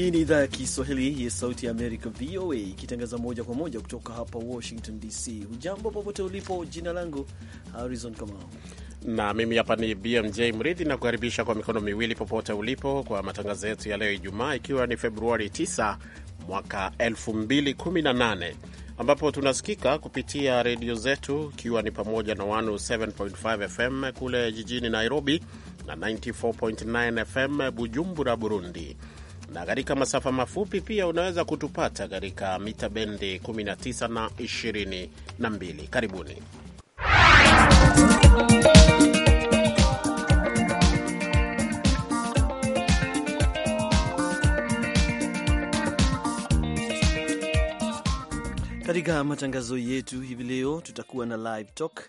Hii ni idhaa ya Kiswahili ya Sauti ya Amerika, VOA, ikitangaza moja kwa moja kutoka hapa Washington DC. Hujambo popote ulipo, jina langu Harrison Kamau na mimi hapa ni BMJ Mridhi na kukaribisha kwa mikono miwili popote ulipo kwa matangazo yetu ya leo Ijumaa, ikiwa ni Februari 9 mwaka 2018 ambapo tunasikika kupitia redio zetu ikiwa ni pamoja na 107.5 FM kule jijini Nairobi na 94.9 FM Bujumbura, Burundi, na katika masafa mafupi pia unaweza kutupata katika mita bendi 19 na 22. Karibuni katika matangazo yetu hivi leo. Tutakuwa na live talk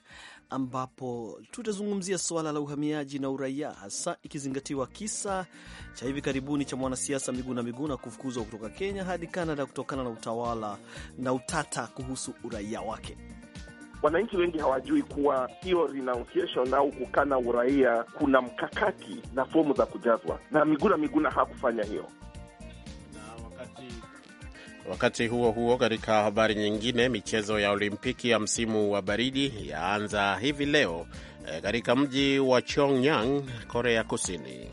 ambapo tutazungumzia suala la uhamiaji na uraia, hasa ikizingatiwa kisa cha hivi karibuni cha mwanasiasa Miguna Miguna kufukuzwa kutoka Kenya hadi Canada kutokana na utawala na utata kuhusu uraia wake. Wananchi wengi hawajui kuwa hiyo renunciation au kukana uraia kuna mkakati na fomu za kujazwa, na Miguna Miguna hakufanya hiyo. Wakati huo huo, katika habari nyingine, michezo ya Olimpiki ya msimu wa baridi yaanza hivi leo eh, katika mji wa Pyongyang, Korea Kusini.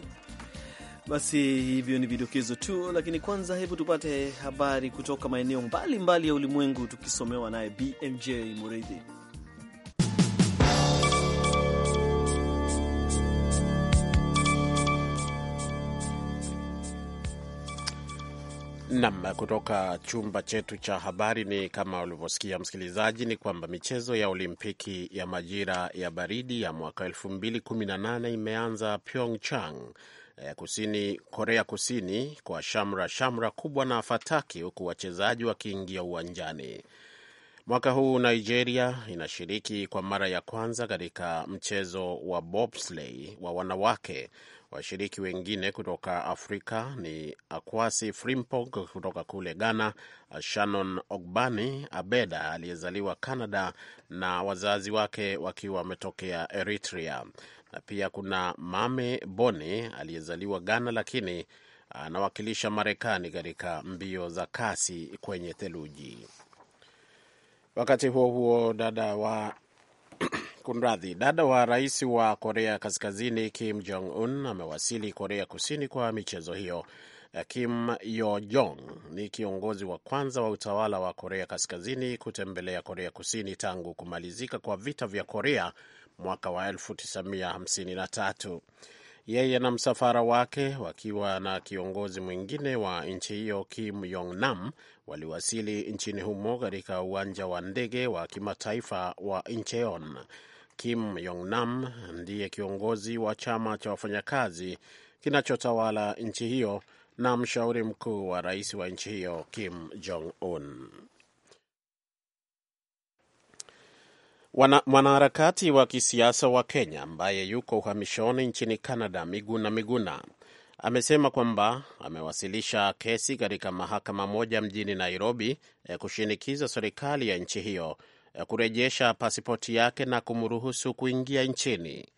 Basi hivyo ni vidokezo tu, lakini kwanza, hebu tupate habari kutoka maeneo mbalimbali ya ulimwengu, tukisomewa naye BMJ Muridhi. Nam, kutoka chumba chetu cha habari. Ni kama ulivyosikia msikilizaji, ni kwamba michezo ya Olimpiki ya majira ya baridi ya mwaka 2018 imeanza Pyeongchang, eh, kusini Korea Kusini, kwa shamra shamra kubwa na fataki, huku wachezaji wakiingia uwanjani. Mwaka huu Nigeria inashiriki kwa mara ya kwanza katika mchezo wa bobsleigh wa wanawake Washiriki wengine kutoka Afrika ni Akwasi Frimpong kutoka kule Ghana, Shannon Ogbani Abeda aliyezaliwa Canada na wazazi wake wakiwa wametokea Eritrea, na pia kuna Mame Boni aliyezaliwa Ghana lakini anawakilisha Marekani katika mbio za kasi kwenye theluji. Wakati huo huo, dada wa Kunradhi, dada wa rais wa Korea Kaskazini Kim Jong Un amewasili Korea Kusini kwa michezo hiyo. Kim Yo Jong ni kiongozi wa kwanza wa utawala wa Korea Kaskazini kutembelea Korea Kusini tangu kumalizika kwa vita vya Korea mwaka wa 1953. Yeye na msafara wake wakiwa na kiongozi mwingine wa nchi hiyo Kim Yong Nam waliwasili nchini humo katika uwanja wa ndege wa kimataifa wa Incheon. Kim Yong Nam ndiye kiongozi wa chama cha wafanyakazi kinachotawala nchi hiyo na mshauri mkuu wa rais wa nchi hiyo Kim Jong Un. Mwanaharakati wa kisiasa wa Kenya ambaye yuko uhamishoni nchini Canada, Miguna Miguna amesema kwamba amewasilisha kesi katika mahakama moja mjini Nairobi eh, kushinikiza serikali ya nchi hiyo Eh, kurejesha pasipoti yake na kumruhusu kuingia nchini.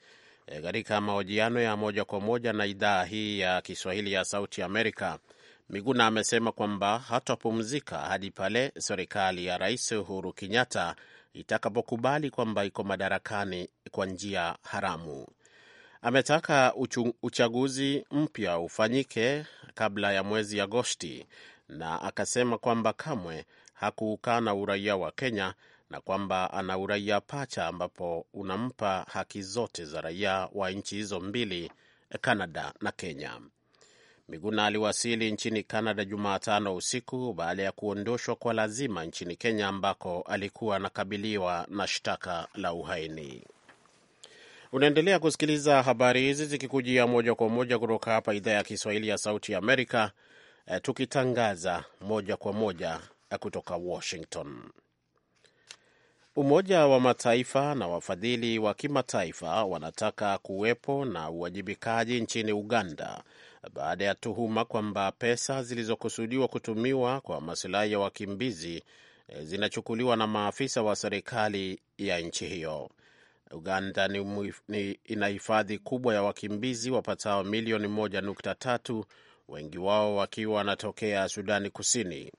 Eh, katika mahojiano ya moja kwa moja na idhaa hii ya Kiswahili ya Sauti Amerika, Miguna amesema kwamba hatapumzika hadi pale serikali ya Rais Uhuru Kenyatta itakapokubali kwamba iko madarakani kwa njia haramu. Ametaka uchaguzi mpya ufanyike kabla ya mwezi Agosti, na akasema kwamba kamwe hakuukana uraia wa Kenya na kwamba ana uraia pacha ambapo unampa haki zote za raia wa nchi hizo mbili, Canada na Kenya. Miguna aliwasili nchini Canada Jumatano usiku baada ya kuondoshwa kwa lazima nchini Kenya ambako alikuwa anakabiliwa na shtaka la uhaini. Unaendelea kusikiliza habari hizi zikikujia moja kwa moja kutoka hapa idhaa ya Kiswahili ya Sauti ya Amerika, eh, tukitangaza moja kwa moja eh, kutoka Washington. Umoja wa Mataifa na wafadhili wa kimataifa wanataka kuwepo na uwajibikaji nchini Uganda baada ya tuhuma kwamba pesa zilizokusudiwa kutumiwa kwa masilahi ya wakimbizi eh, zinachukuliwa na maafisa wa serikali ya nchi hiyo. Uganda ni, ni ina hifadhi kubwa ya wakimbizi wapatao milioni 1.3, wengi wao wakiwa wanatokea Sudani Kusini.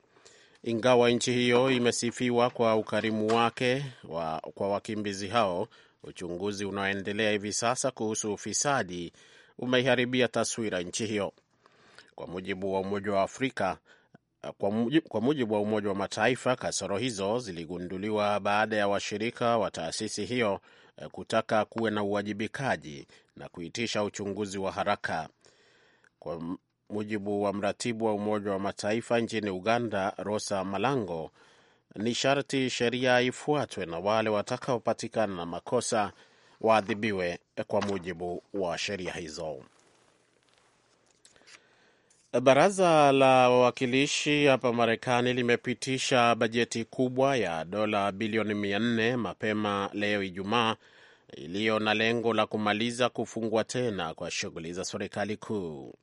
Ingawa nchi hiyo imesifiwa kwa ukarimu wake wa, kwa wakimbizi hao, uchunguzi unaoendelea hivi sasa kuhusu ufisadi umeiharibia taswira nchi hiyo. Kwa mujibu wa Umoja wa Afrika, kwa mujibu, kwa mujibu wa Umoja wa Mataifa, kasoro hizo ziligunduliwa baada ya washirika wa taasisi hiyo eh, kutaka kuwe na uwajibikaji na kuitisha uchunguzi wa haraka. Kwa mujibu wa mratibu wa Umoja wa Mataifa nchini Uganda, Rosa Malango, ni sharti sheria ifuatwe na wale watakaopatikana na makosa waadhibiwe kwa mujibu wa sheria hizo. Baraza la Wawakilishi hapa Marekani limepitisha bajeti kubwa ya dola bilioni 4 mapema leo Ijumaa, iliyo na lengo la kumaliza kufungwa tena kwa shughuli za serikali kuu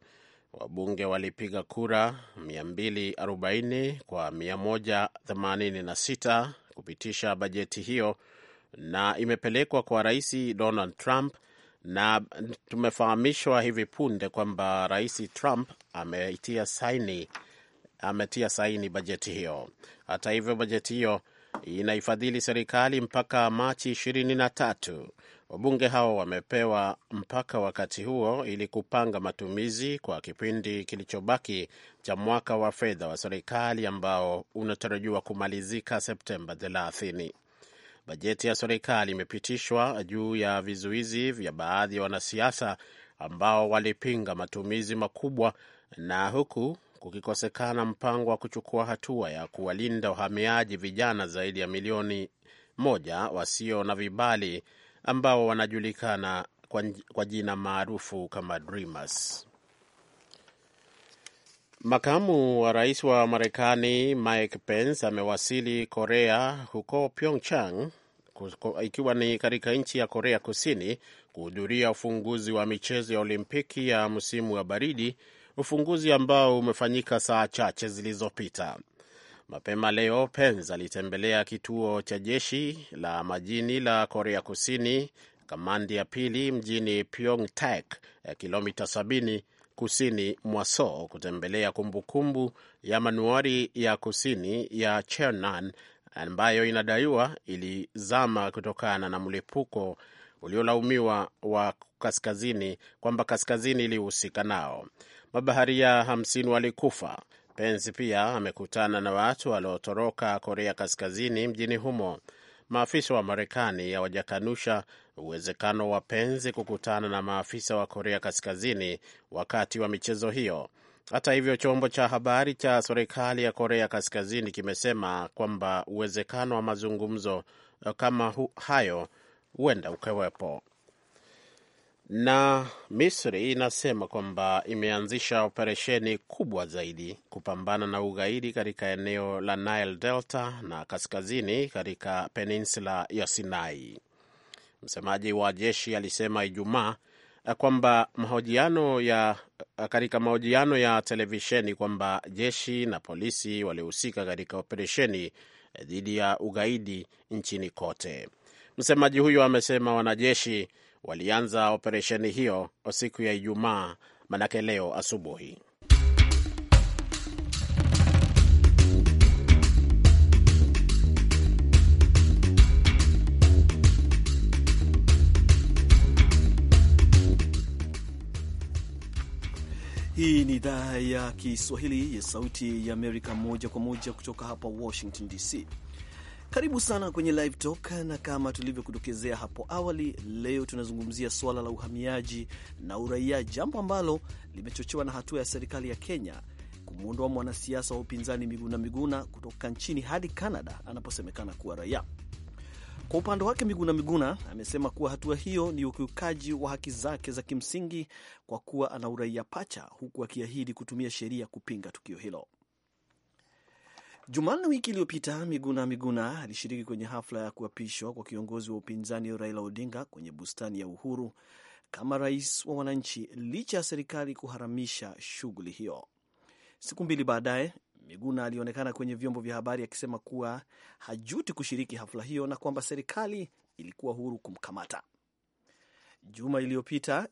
wabunge walipiga kura 240 kwa 186 kupitisha bajeti hiyo na imepelekwa kwa Rais Donald Trump na tumefahamishwa hivi punde kwamba Rais Trump ametia saini, ametia saini bajeti hiyo. Hata hivyo, bajeti hiyo inaifadhili serikali mpaka Machi 23. Wabunge hao wamepewa mpaka wakati huo ili kupanga matumizi kwa kipindi kilichobaki cha mwaka wa fedha wa serikali ambao unatarajiwa kumalizika Septemba 30. Bajeti ya serikali imepitishwa juu ya vizuizi vya baadhi ya wanasiasa ambao walipinga matumizi makubwa na huku kukikosekana mpango wa kuchukua hatua ya kuwalinda wahamiaji vijana zaidi ya milioni moja wasio na vibali ambao wanajulikana kwa, kwa jina maarufu kama Dreamers. Makamu wa rais wa Marekani Mike Pence amewasili Korea huko Pyeongchang ikiwa ni katika nchi ya Korea Kusini kuhudhuria ufunguzi wa michezo ya Olimpiki ya msimu wa baridi, ufunguzi ambao umefanyika saa chache zilizopita. Mapema leo Pence alitembelea kituo cha jeshi la majini la Korea Kusini, kamandi ya pili mjini Pyeongtaek, eh, kilomita 70 kusini mwa Seoul, kutembelea kumbukumbu kumbu ya manuari ya kusini ya Cheonan ambayo inadaiwa ilizama kutokana na mlipuko uliolaumiwa wa kaskazini kwamba kaskazini ilihusika nao. Mabaharia 50 walikufa Pence pia amekutana na watu waliotoroka Korea Kaskazini mjini humo. Maafisa wa Marekani hawajakanusha uwezekano wa Pence kukutana na maafisa wa Korea Kaskazini wakati wa michezo hiyo. Hata hivyo, chombo cha habari cha serikali ya Korea Kaskazini kimesema kwamba uwezekano wa mazungumzo kama hayo huenda ukawepo. Na Misri inasema kwamba imeanzisha operesheni kubwa zaidi kupambana na ugaidi katika eneo la Nile Delta na kaskazini katika peninsula ya Sinai. Msemaji wa jeshi alisema Ijumaa kwamba mahojiano ya katika mahojiano ya televisheni kwamba jeshi na polisi walihusika katika operesheni dhidi ya ugaidi nchini kote. Msemaji huyo amesema wanajeshi walianza operesheni hiyo siku ya Ijumaa, manake leo asubuhi. Hii ni idhaa ya Kiswahili ya Sauti ya Amerika, moja kwa moja kutoka hapa Washington DC. Karibu sana kwenye Live Talk, na kama tulivyokutokezea hapo awali, leo tunazungumzia suala la uhamiaji na uraia, jambo ambalo limechochewa na hatua ya serikali ya Kenya kumwondoa mwanasiasa wa upinzani Miguna Miguna kutoka nchini hadi Canada anaposemekana kuwa raia. Kwa upande wake Miguna Miguna amesema kuwa hatua hiyo ni ukiukaji wa haki zake za kimsingi kwa kuwa ana uraia pacha, huku akiahidi kutumia sheria kupinga tukio hilo. Jumanne wiki iliyopita, Miguna Miguna alishiriki kwenye hafla ya kuapishwa kwa kiongozi wa upinzani Raila Odinga kwenye bustani ya Uhuru kama rais wa wananchi, licha ya serikali kuharamisha shughuli hiyo. Siku mbili baadaye, Miguna alionekana kwenye vyombo vya habari akisema kuwa hajuti kushiriki hafla hiyo na kwamba serikali ilikuwa huru kumkamata.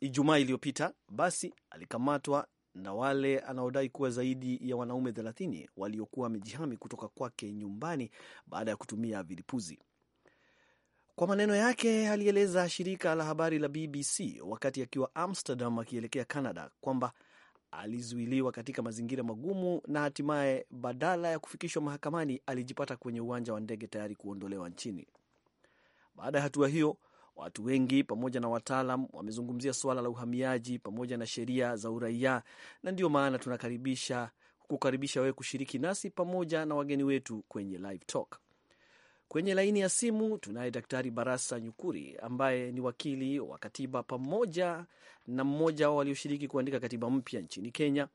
Ijumaa iliyopita basi alikamatwa na wale anaodai kuwa zaidi ya wanaume 30 waliokuwa wamejihami kutoka kwake nyumbani baada ya kutumia vilipuzi. Kwa maneno yake, alieleza shirika la habari la BBC wakati akiwa Amsterdam akielekea Canada kwamba alizuiliwa katika mazingira magumu na hatimaye, badala ya kufikishwa mahakamani, alijipata kwenye uwanja wa ndege tayari kuondolewa nchini. Baada ya hatua hiyo, Watu wengi pamoja na wataalam wamezungumzia suala la uhamiaji pamoja na sheria za uraia, na ndiyo maana tunakaribisha kukaribisha wewe kushiriki nasi pamoja na wageni wetu kwenye live talk. Kwenye laini ya simu tunaye Daktari Barasa Nyukuri ambaye ni wakili wa katiba pamoja na mmoja wao walioshiriki kuandika katiba mpya nchini Kenya.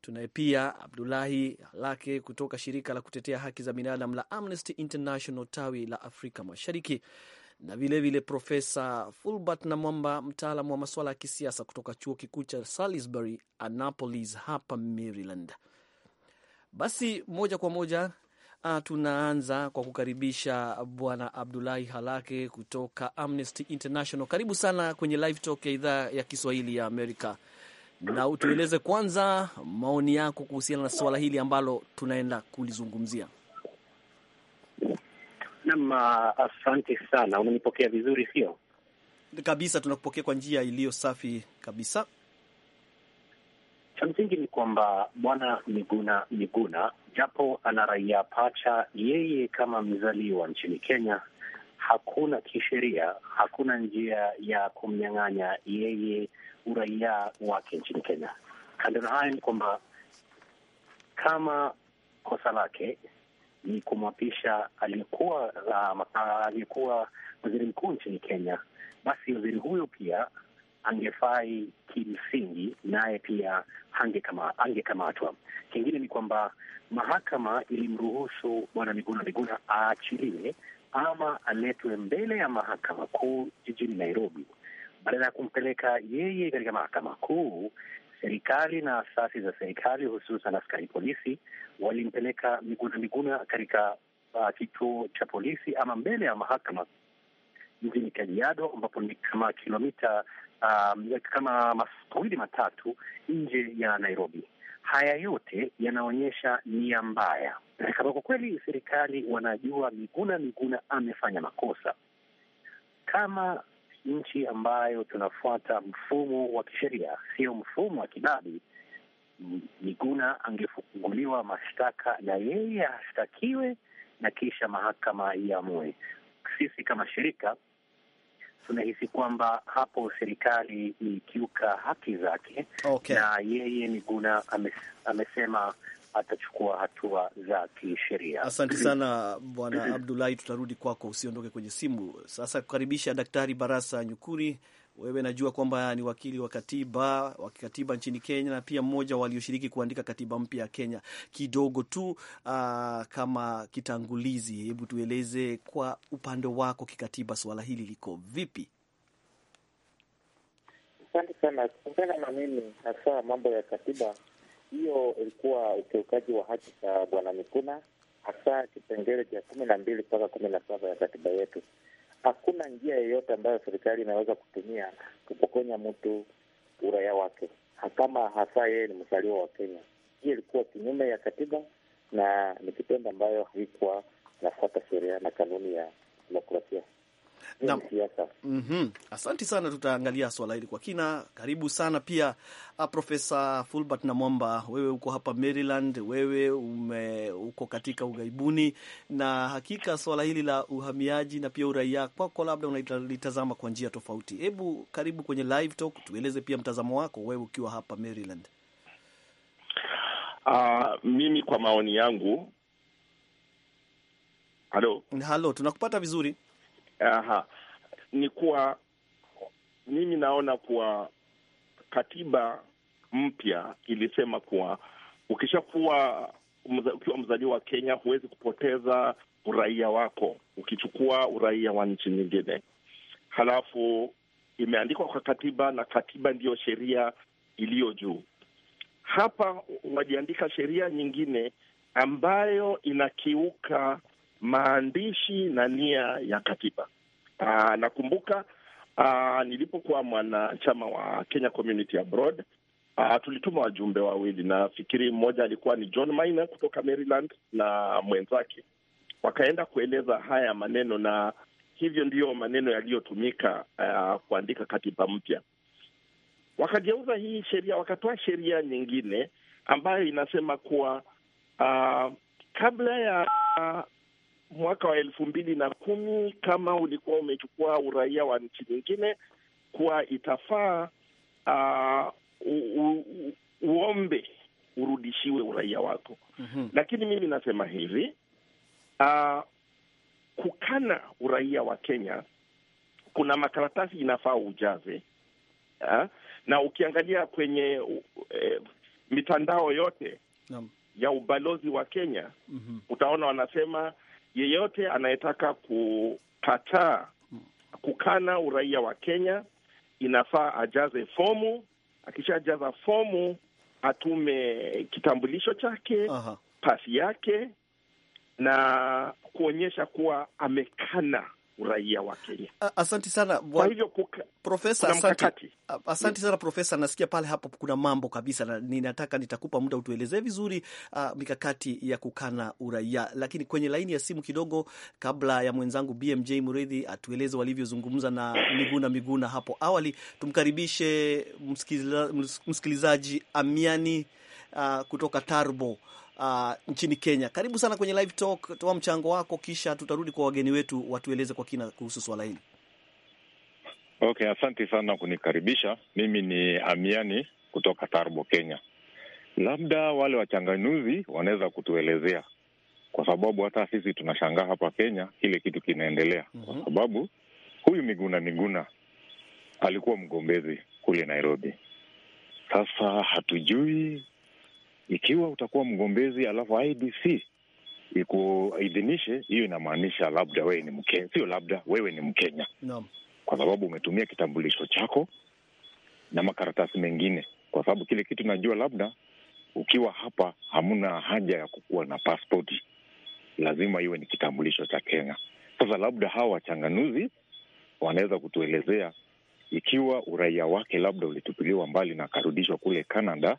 Tunaye pia Abdulahi Lake kutoka shirika la kutetea haki za binadamu la Amnesty International tawi la Afrika Mashariki, na vilevile Profesa Fulbert Namwamba, mtaalamu wa masuala ya kisiasa kutoka chuo kikuu cha Salisbury, Annapolis hapa Maryland. Basi moja kwa moja A, ah, tunaanza kwa kukaribisha Bwana Abdulahi Halake kutoka Amnesty International. Karibu sana kwenye Live Talk ya idhaa ya Kiswahili ya Amerika, na utueleze kwanza maoni yako kuhusiana na suala hili ambalo tunaenda kulizungumzia. Naam, asante sana. unanipokea vizuri, sio? Kabisa, tunakupokea kwa njia iliyo safi kabisa. Cha msingi ni kwamba Bwana Miguna Miguna, japo ana raia pacha, yeye kama mzaliwa nchini Kenya, hakuna kisheria, hakuna njia ya kumnyang'anya yeye uraia wake nchini Kenya. Kando na haya ni kwamba kama kosa lake ni kumwapisha aliyekuwa uh, aliyekuwa waziri mkuu nchini Kenya, basi waziri huyo pia angefai kimsingi, naye pia angekamatwa Kingine ni kwamba mahakama ilimruhusu bwana Miguna Miguna aachiliwe ama aletwe mbele ya mahakama kuu jijini Nairobi badala ya kumpeleka yeye katika mahakama kuu serikali na asasi za serikali hususan askari polisi walimpeleka Miguna Miguna katika uh, kituo cha polisi ama mbele ya mahakama mjini Kajiado ambapo ni kama kilomita um, kama mawili matatu nje ya Nairobi. Haya yote yanaonyesha nia mbaya, kama kwa kweli serikali wanajua Miguna Miguna amefanya makosa kama nchi ambayo tunafuata mfumo wa kisheria, sio mfumo wa kibabi. Miguna angefunguliwa mashtaka na yeye ashtakiwe na kisha mahakama iamue. Sisi kama shirika tunahisi kwamba hapo serikali ilikiuka haki zake. Okay. Na yeye Miguna ames, amesema atachukua hatua za kisheria. Asante sana Bwana Abdulahi, tutarudi kwako, usiondoke kwenye simu. Sasa kukaribisha Daktari Barasa Nyukuri, wewe najua kwamba ni wakili wa katiba wa kikatiba nchini Kenya na pia mmoja walioshiriki kuandika katiba mpya ya Kenya. Kidogo tu uh, kama kitangulizi, hebu tueleze kwa upande wako kikatiba, suala hili liko vipi? Asante sana. Kulingana na mimi, hasa mambo ya katiba hiyo ilikuwa ukiukaji wa haki za Bwana mikuna hasa kipengele cha kumi na mbili mpaka kumi na saba ya katiba yetu. Hakuna njia yeyote ambayo serikali inaweza kutumia kupokonya mtu uraia wake, kama hasa yeye ni mzaliwa wa Kenya. Hiyo ilikuwa kinyume ya katiba na ni kitendo ambayo haikuwa nafuata sheria na kanuni ya demokrasia na, mm -hmm. Asanti sana, tutaangalia swala hili kwa kina. Karibu sana pia ah, Profesa Fulbert na Mwamba, wewe uko hapa Maryland, wewe ume, uko katika ughaibuni, na hakika swala hili la uhamiaji na pia uraia kwako labda unalitazama kwa njia tofauti. Hebu karibu kwenye live talk, tueleze pia mtazamo wako wewe ukiwa hapa Maryland. Uh, mimi kwa maoni yangu, halo halo, tunakupata vizuri Aha. Ni kuwa mimi naona kuwa katiba mpya ilisema kuwa ukishakuwa mza, ukiwa mzaliwa wa Kenya huwezi kupoteza uraia wako ukichukua uraia wa nchi nyingine. Halafu imeandikwa kwa katiba, na katiba ndiyo sheria iliyo juu. Hapa wajiandika sheria nyingine ambayo inakiuka maandishi na nia ya katiba. Aa, ah, nakumbuka aa, ah, nilipokuwa mwanachama wa Kenya Community Abroad ah, tulituma wajumbe wawili, nafikiri mmoja alikuwa ni John Maina kutoka Maryland na mwenzake, wakaenda kueleza haya maneno, na hivyo ndiyo maneno yaliyotumika kuandika katiba mpya. Wakageuza hii sheria, wakatoa sheria nyingine ambayo inasema kuwa aa, kabla ya mwaka wa elfu mbili na kumi kama ulikuwa umechukua uraia wa nchi nyingine, kuwa itafaa uh, uombe urudishiwe uraia wako. mm -hmm. Lakini mimi nasema hivi uh, kukana uraia wa Kenya kuna makaratasi inafaa ujaze uh, na ukiangalia kwenye uh, mitandao yote mm -hmm. ya ubalozi wa Kenya mm -hmm. utaona wanasema yeyote anayetaka kukataa kukana uraia wa Kenya inafaa ajaze fomu. Akishajaza fomu atume kitambulisho chake, pasi yake na kuonyesha kuwa amekana uraia wa Kenya. Asante sana kwa hivyo kuka, profesa, asante, asante sana profesa. Nasikia pale hapo kuna mambo kabisa na ninataka nitakupa muda utuelezee vizuri uh, mikakati ya kukana uraia, lakini kwenye laini ya simu kidogo, kabla ya mwenzangu BMJ mredhi atueleze walivyozungumza na Miguna Miguna hapo awali, tumkaribishe msikilizaji Amiani uh, kutoka Tarbo uh, nchini Kenya. Karibu sana kwenye live talk, toa mchango wako, kisha tutarudi kwa wageni wetu watueleze kwa kina kuhusu swala hili. Okay, asante sana kunikaribisha. Mimi ni Amiani kutoka Tarbo, Kenya. Labda wale wachanganuzi wanaweza kutuelezea, kwa sababu hata sisi tunashangaa hapa Kenya kile kitu kinaendelea. mm -hmm. Kwa mhm. sababu huyu Miguna Miguna alikuwa mgombezi kule Nairobi. Sasa hatujui ikiwa utakuwa mgombezi alafu IBC ikuidhinishe, hiyo inamaanisha labda wewe ni Mkenya, sio labda wewe ni Mkenya no. Kwa sababu umetumia kitambulisho chako na makaratasi mengine, kwa sababu kile kitu najua, labda ukiwa hapa hamuna haja ya kukuwa na paspoti lazima iwe ni kitambulisho cha Kenya. Sasa labda hawa wachanganuzi wanaweza kutuelezea ikiwa uraia wake labda ulitupiliwa mbali na akarudishwa kule Canada,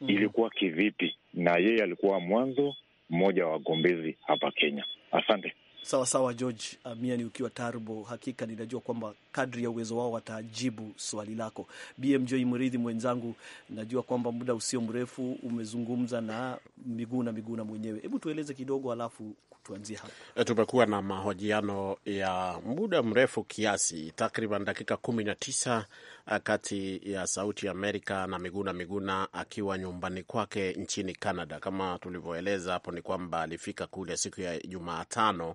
mm. ilikuwa kivipi, na yeye alikuwa mwanzo mmoja wa wagombezi hapa Kenya. Asante. Sawa sawa, George Amiani, ukiwa Tarbo, hakika ninajua kwamba kadri ya uwezo wao watajibu swali lako. BMJ Mridhi mwenzangu, najua kwamba muda usio mrefu umezungumza na miguu na miguu na mwenyewe. Hebu tueleze kidogo, alafu tuanzie hapa. Eh, tumekuwa na mahojiano ya muda mrefu kiasi, takriban dakika kumi na tisa eh, kati ya Sauti Amerika na Miguna Miguna akiwa nyumbani kwake nchini Canada. Kama tulivyoeleza hapo, ni kwamba alifika kule siku ya Jumatano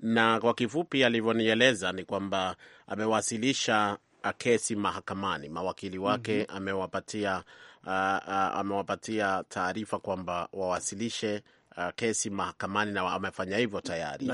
na kwa kifupi alivyonieleza ni kwamba amewasilisha eh, kesi mahakamani, mawakili wake mm -hmm. amewapatia, uh, uh, amewapatia taarifa kwamba wawasilishe uh, kesi mahakamani na amefanya hivyo tayari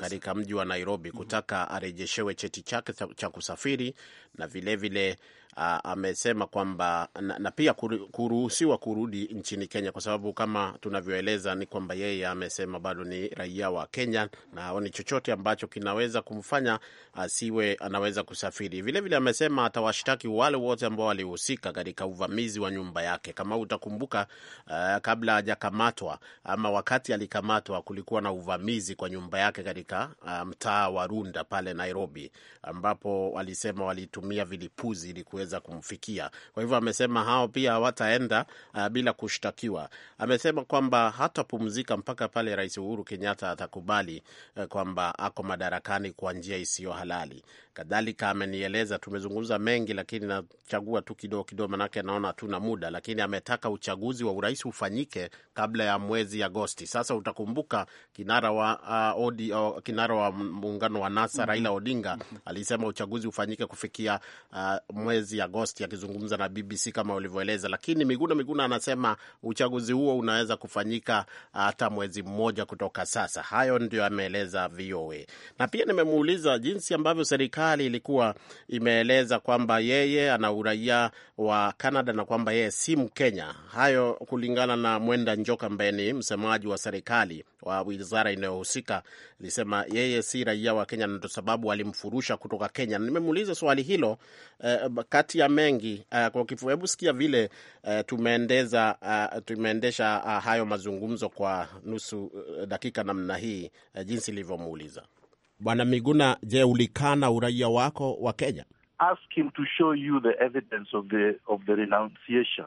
katika mji wa Nairobi kutaka mhm. arejeshewe cheti chake cha kusafiri na vilevile vile uh, amesema kwamba na, na pia kuruhusiwa kurudi nchini Kenya kwa sababu kama tunavyoeleza ni kwamba yeye amesema bado ni raia wa Kenya na ni chochote ambacho kinaweza kumfanya asiwe uh, anaweza kusafiri. Vilevile vile amesema atawashtaki wale wote ambao walihusika katika uvamizi wa nyumba yake. Kama utakumbuka, uh, kabla hajakamatwa ama wakati alikamatwa, kulikuwa na uvamizi kwa nyumba yake katika uh, mtaa wa Runda pale Nairobi, ambapo walisema walitumia vilipuzi ili wataweza kumfikia. Kwa hivyo amesema hao pia hawataenda uh, bila kushtakiwa. Amesema kwamba hatapumzika mpaka pale Rais Uhuru Kenyatta atakubali uh, kwamba ako madarakani kwa njia isiyo halali. Kadhalika amenieleza, tumezungumza mengi, lakini nachagua tu kidogo kidogo, manake naona hatuna muda, lakini ametaka uchaguzi wa urais ufanyike kabla ya mwezi Agosti. Sasa utakumbuka kinara wa uh, odi, uh, kinara wa muungano wa NASA mm-hmm. Raila Odinga alisema uchaguzi ufanyike kufikia uh, mwezi mwezi Agosti, akizungumza na BBC kama ulivyoeleza. Lakini Miguna Miguna anasema uchaguzi huo unaweza kufanyika hata mwezi mmoja kutoka sasa. Hayo ndio ameeleza VOA, na pia nimemuuliza jinsi ambavyo serikali ilikuwa imeeleza kwamba yeye ana uraia wa Canada na kwamba yeye si Mkenya. Hayo kulingana na Mwenda Njoka ambaye ni msemaji wa serikali wa wizara inayohusika alisema yeye si raia wa Kenya na ndo sababu alimfurusha kutoka Kenya. Nimemuuliza swali hilo eh, kati ya mengi eh, kwa kifupi. Hebu sikia vile eh, tumeendeza eh, tumeendesha eh, hayo mazungumzo kwa nusu eh, dakika namna hii eh, jinsi ilivyomuuliza. Bwana Miguna, je, ulikana uraia wako wa Kenya? Ask him to show you the evidence of the, of the renunciation.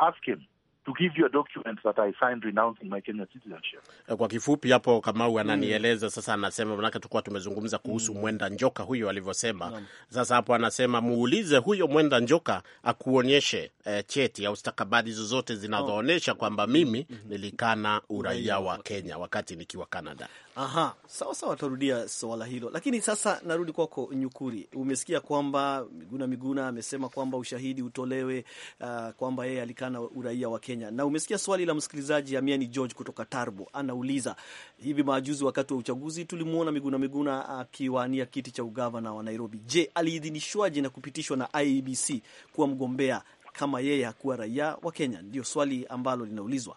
Ask him to give you a document that I signed renouncing my Kenyan citizenship. Eh, kwa kifupi hapo Kamau mm. ananieleza mm. Sasa anasema manake tukua tumezungumza kuhusu mm. mwenda njoka huyo alivyosema mm. Sasa hapo anasema muulize huyo mwenda njoka akuonyeshe eh, cheti au stakabadhi zozote zinazoonyesha oh. kwamba mimi mm -hmm. nilikana uraia wa Kenya wakati nikiwa Canada. Aha, sawa sawa, tarudia swala hilo, lakini sasa narudi kwako Nyukuri. Umesikia kwamba Miguna Miguna amesema kwamba ushahidi utolewe, uh, kwamba yeye alikana uraia wa Kenya Kenya. Na umesikia swali la msikilizaji Amiani George kutoka Tarbo, anauliza hivi majuzi wakati wa uchaguzi tulimwona Miguna Miguna akiwania kiti cha ugavana wa Nairobi. Je, aliidhinishwaje na kupitishwa na IEBC kuwa mgombea kama yeye hakuwa raia wa Kenya? Ndio swali ambalo linaulizwa.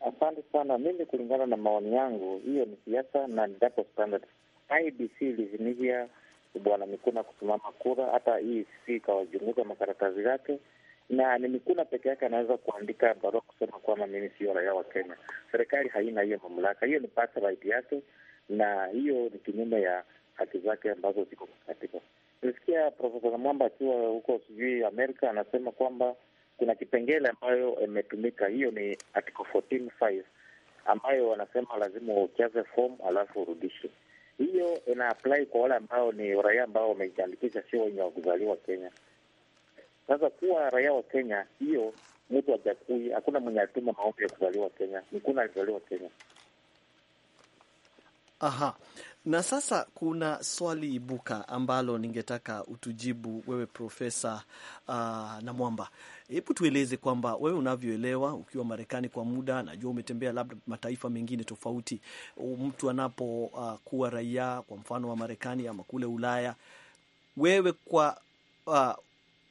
Asante sana. Mimi kulingana na maoni yangu, hiyo ni siasa na ni double standard. IBC e bwana Mikuna kusimama kura, hata hii si e ikawajumuka makaratasi yake, na ni mikuna peke yake anaweza kuandika barua kusema kwamba mimi sio raia wa Kenya. Serikali haina hiyo mamlaka, hiyo ni birthright yake, na hiyo ni kinyume ya haki zake ambazo ziko katika. Nilisikia Profesa Namwamba akiwa huko sijui Amerika anasema kwamba kuna kipengele ambayo imetumika, hiyo ni article 14.5 ambayo wanasema lazima ujaze form alafu urudishe. Hiyo ina apply kwa wale ambao ni raia ambao wamejiandikisha, sio wenye wa kuzaliwa Kenya. Sasa kuwa raia wa Kenya, hiyo mtu ajakui, hakuna mwenye atuma maombi ya kuzaliwa Kenya, nikuna alizaliwa Kenya. Aha, na sasa kuna swali ibuka ambalo ningetaka utujibu wewe Profesa uh, Namwamba. Hebu tueleze kwamba wewe unavyoelewa ukiwa Marekani kwa muda, najua umetembea labda mataifa mengine tofauti, mtu anapokuwa ah, uh, raia kwa mfano wa Marekani ama kule Ulaya, wewe kwa uh,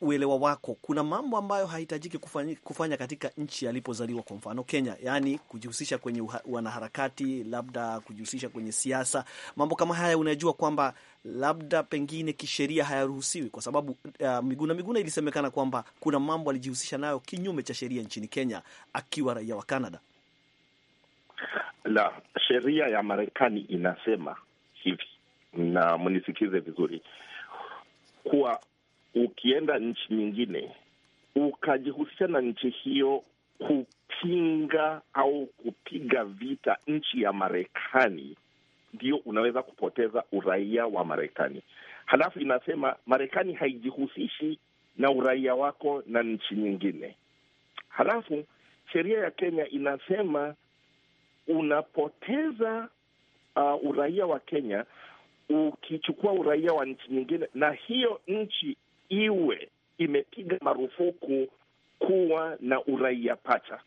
uelewa wako, kuna mambo ambayo hahitajiki kufanya, kufanya katika nchi alipozaliwa, kwa mfano Kenya, yaani kujihusisha kwenye wanaharakati, labda kujihusisha kwenye siasa, mambo kama haya, unajua kwamba labda pengine kisheria hayaruhusiwi kwa sababu uh, Miguna Miguna ilisemekana kwamba kuna mambo alijihusisha nayo kinyume cha sheria nchini Kenya akiwa raia wa Canada. La, sheria ya Marekani inasema hivi, na mnisikize vizuri, kuwa ukienda nchi nyingine ukajihusisha na nchi hiyo kupinga au kupiga vita nchi ya Marekani, ndio unaweza kupoteza uraia wa Marekani. Halafu inasema Marekani haijihusishi na uraia wako na nchi nyingine. Halafu sheria ya Kenya inasema unapoteza uh, uraia wa Kenya ukichukua uraia wa nchi nyingine, na hiyo nchi iwe imepiga marufuku kuwa na uraia pacha.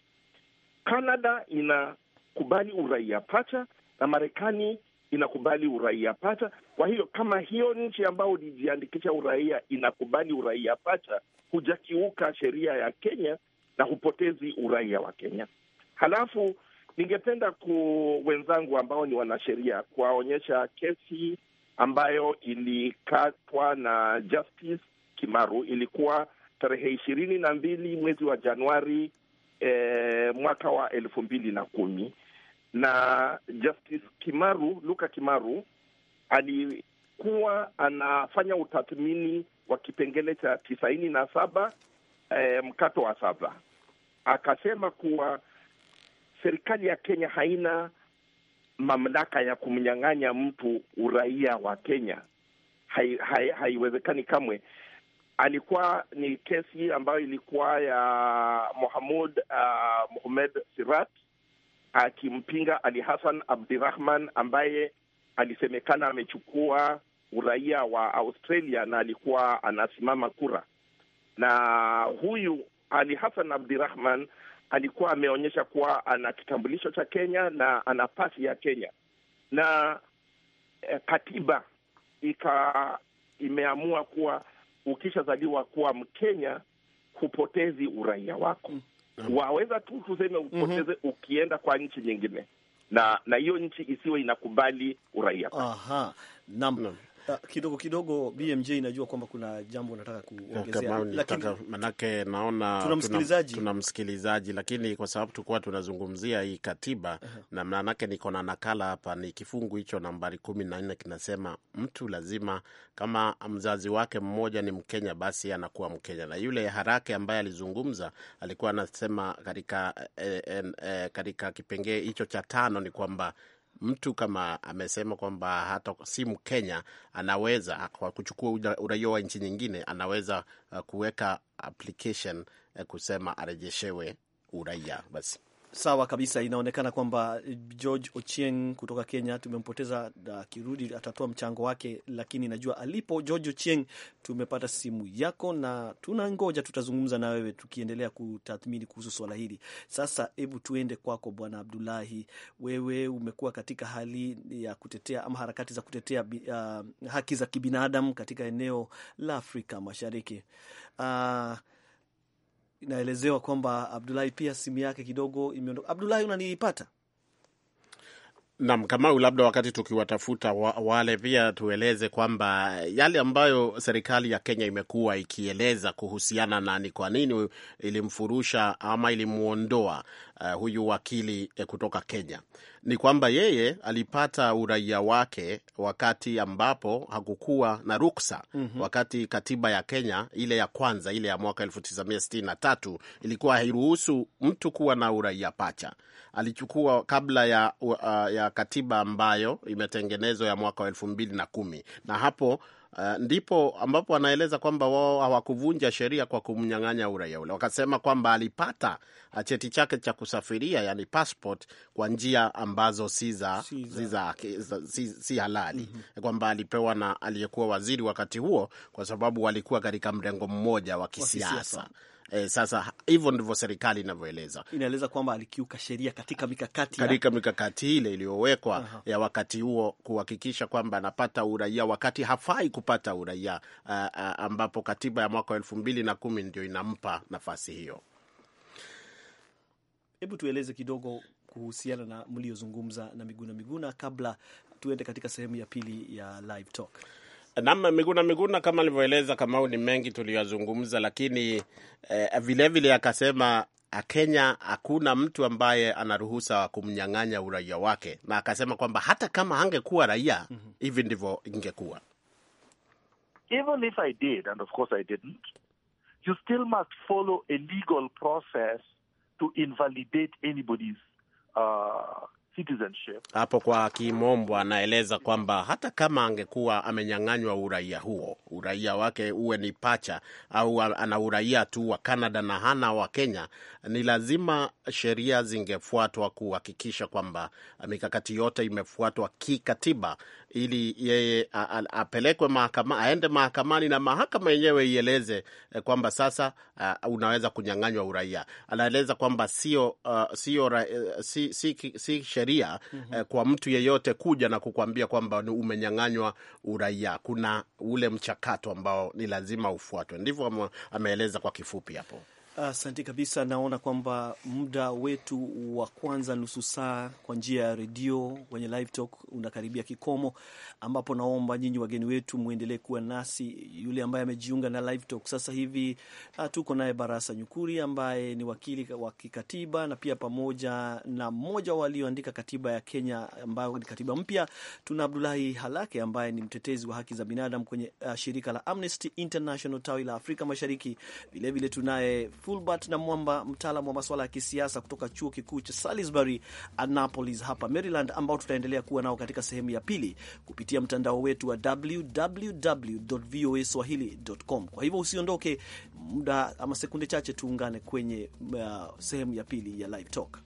Kanada inakubali uraia pacha na Marekani inakubali uraia pacha. Kwa hiyo kama hiyo nchi ambayo ulijiandikisha uraia inakubali uraia pacha, hujakiuka sheria ya Kenya na hupotezi uraia wa Kenya. Halafu ningependa ku wenzangu ambao ni wanasheria kuwaonyesha kesi ambayo ilikatwa na Justice Kimaru ilikuwa tarehe ishirini na mbili mwezi wa Januari eh, mwaka wa elfu mbili na kumi na Justice Kimaru, Luka Kimaru alikuwa anafanya utathmini wa kipengele cha tisaini na saba eh, mkato wa saba akasema kuwa serikali ya Kenya haina mamlaka ya kumnyang'anya mtu uraia wa Kenya. Hai, hai, haiwezekani kamwe alikuwa ni kesi ambayo ilikuwa ya Mohamud uh, Mohamed Sirat akimpinga Ali Hassan Abdirahman ambaye alisemekana amechukua uraia wa Australia na alikuwa anasimama kura. Na huyu Ali Hassan Abdirahman alikuwa ameonyesha kuwa ana kitambulisho cha Kenya na ana pasi ya Kenya na eh, katiba ika imeamua kuwa ukishazaliwa kuwa Mkenya hupotezi uraia wako. Mm. Waweza tu tuseme upoteze mm -hmm. ukienda kwa nchi nyingine na na hiyo nchi isiwe inakubali uraia. Aha, naam. Ah, kidogo kidogo. BMJ inajua kwamba kuna jambo nataka kuongezea, lakini manake naona tuna msikilizaji, tuna msikilizaji, lakini kwa sababu tulikuwa tunazungumzia hii katiba uh -huh. na manake niko na nakala hapa, ni kifungu hicho nambari kumi na nne kinasema mtu lazima, kama mzazi wake mmoja ni Mkenya, basi anakuwa Mkenya. Na yule Harake ambaye alizungumza alikuwa anasema katika eh, eh, eh, katika kipengee hicho cha tano ni kwamba mtu kama amesema kwamba hata si Mkenya anaweza kwa kuchukua uraia wa nchi nyingine anaweza uh, kuweka application uh, kusema arejeshewe uraia basi. Sawa kabisa, inaonekana kwamba George Ochieng kutoka Kenya tumempoteza, akirudi atatoa mchango wake, lakini najua alipo. George Ochieng, tumepata simu yako na tunangoja, tutazungumza na wewe tukiendelea kutathmini kuhusu swala hili. Sasa hebu tuende kwako Bwana Abdulahi, wewe umekuwa katika hali ya kutetea ama harakati za kutetea uh, haki za kibinadamu katika eneo la Afrika Mashariki uh, inaelezewa kwamba Abdulahi pia simu yake kidogo imeondoka. Abdulahi, unaniipata? Naam, Kamau, labda wakati tukiwatafuta wa, wale pia tueleze kwamba yale ambayo serikali ya Kenya imekuwa ikieleza kuhusiana na ni kwa nini ilimfurusha ama ilimwondoa uh, huyu wakili uh, kutoka Kenya ni kwamba yeye alipata uraia wake wakati ambapo hakukuwa na ruksa mm -hmm. Wakati katiba ya Kenya ile ya kwanza ile ya mwaka elfu na tatu ilikuwa hairuhusu mtu kuwa na uraia pacha. Alichukua kabla ya, uh, ya katiba ambayo imetengenezwa ya mwaka wa elfu mbili na kumi na hapo Uh, ndipo ambapo wanaeleza kwamba wao hawakuvunja sheria kwa kumnyang'anya uraia ule. Wakasema kwamba alipata eh, cheti chake cha kusafiria, yani passport, kwa njia ambazo si za si halali mm -hmm. kwamba alipewa na aliyekuwa waziri wakati huo, kwa sababu walikuwa katika mrengo mmoja wa kisiasa Eh, sasa hivyo ndivyo serikali inavyoeleza, inaeleza kwamba alikiuka sheria katika mikakati katika ya... mikakati ile iliyowekwa uh -huh. ya wakati huo kuhakikisha kwamba anapata uraia wakati hafai kupata uraia uh, uh, ambapo katiba ya mwaka wa elfu mbili na kumi ndio inampa nafasi hiyo. Hebu tueleze kidogo kuhusiana na mliozungumza na Miguna Miguna kabla tuende katika sehemu ya pili ya live talk. Naam, Miguna Miguna, kama alivyoeleza Kamau, ni mengi tuliyozungumza, lakini vilevile eh, vile akasema Kenya hakuna mtu ambaye anaruhusa kumnyang'anya uraia wake, na akasema kwamba hata kama angekuwa raia mm -hmm. hivi ndivyo ingekuwa even if I did and of course I didn't you still must follow a legal process to invalidate anybody's uh, citizenship. Hapo kwa kimombo anaeleza kwamba hata kama angekuwa amenyang'anywa uraia huo, uraia wake uwe ni pacha au ana uraia tu wa Canada na hana wa Kenya, ni lazima sheria zingefuatwa kuhakikisha kwamba mikakati yote imefuatwa kikatiba ili yeye apelekwe mahakama, aende mahakamani na mahakama yenyewe ieleze eh, kwamba sasa uh, unaweza kunyang'anywa uraia. Anaeleza kwamba sio uh, sio si, si, si, si sheria mm -hmm. uh, kwa mtu yeyote kuja na kukwambia kwamba umenyang'anywa uraia. Kuna ule mchakato ambao ni lazima ufuatwe, ndivyo ameeleza kwa kifupi hapo. Asante kabisa. Naona kwamba muda wetu wa kwanza nusu saa kwa njia ya redio kwenye live talk unakaribia kikomo, ambapo naomba nyinyi wageni wetu mwendelee kuwa nasi. Yule ambaye amejiunga na live talk sasa hivi ah, tuko naye Barasa Nyukuri ambaye ni wakili wa kikatiba na pia pamoja na mmoja walioandika katiba ya Kenya ambayo ni katiba mpya. Tuna Abdulahi Halake ambaye ni mtetezi wa haki za binadamu kwenye ah, shirika la Amnesty International tawi la Afrika Mashariki. Vilevile tunaye Fulbert na Mwamba, mtaalamu wa masuala ya kisiasa kutoka chuo kikuu cha Salisbury, Annapolis hapa Maryland, ambao tutaendelea kuwa nao katika sehemu ya pili kupitia mtandao wetu wa www voa swahilicom Kwa hivyo usiondoke, muda ama sekunde chache tuungane kwenye uh, sehemu ya pili ya Live Talk.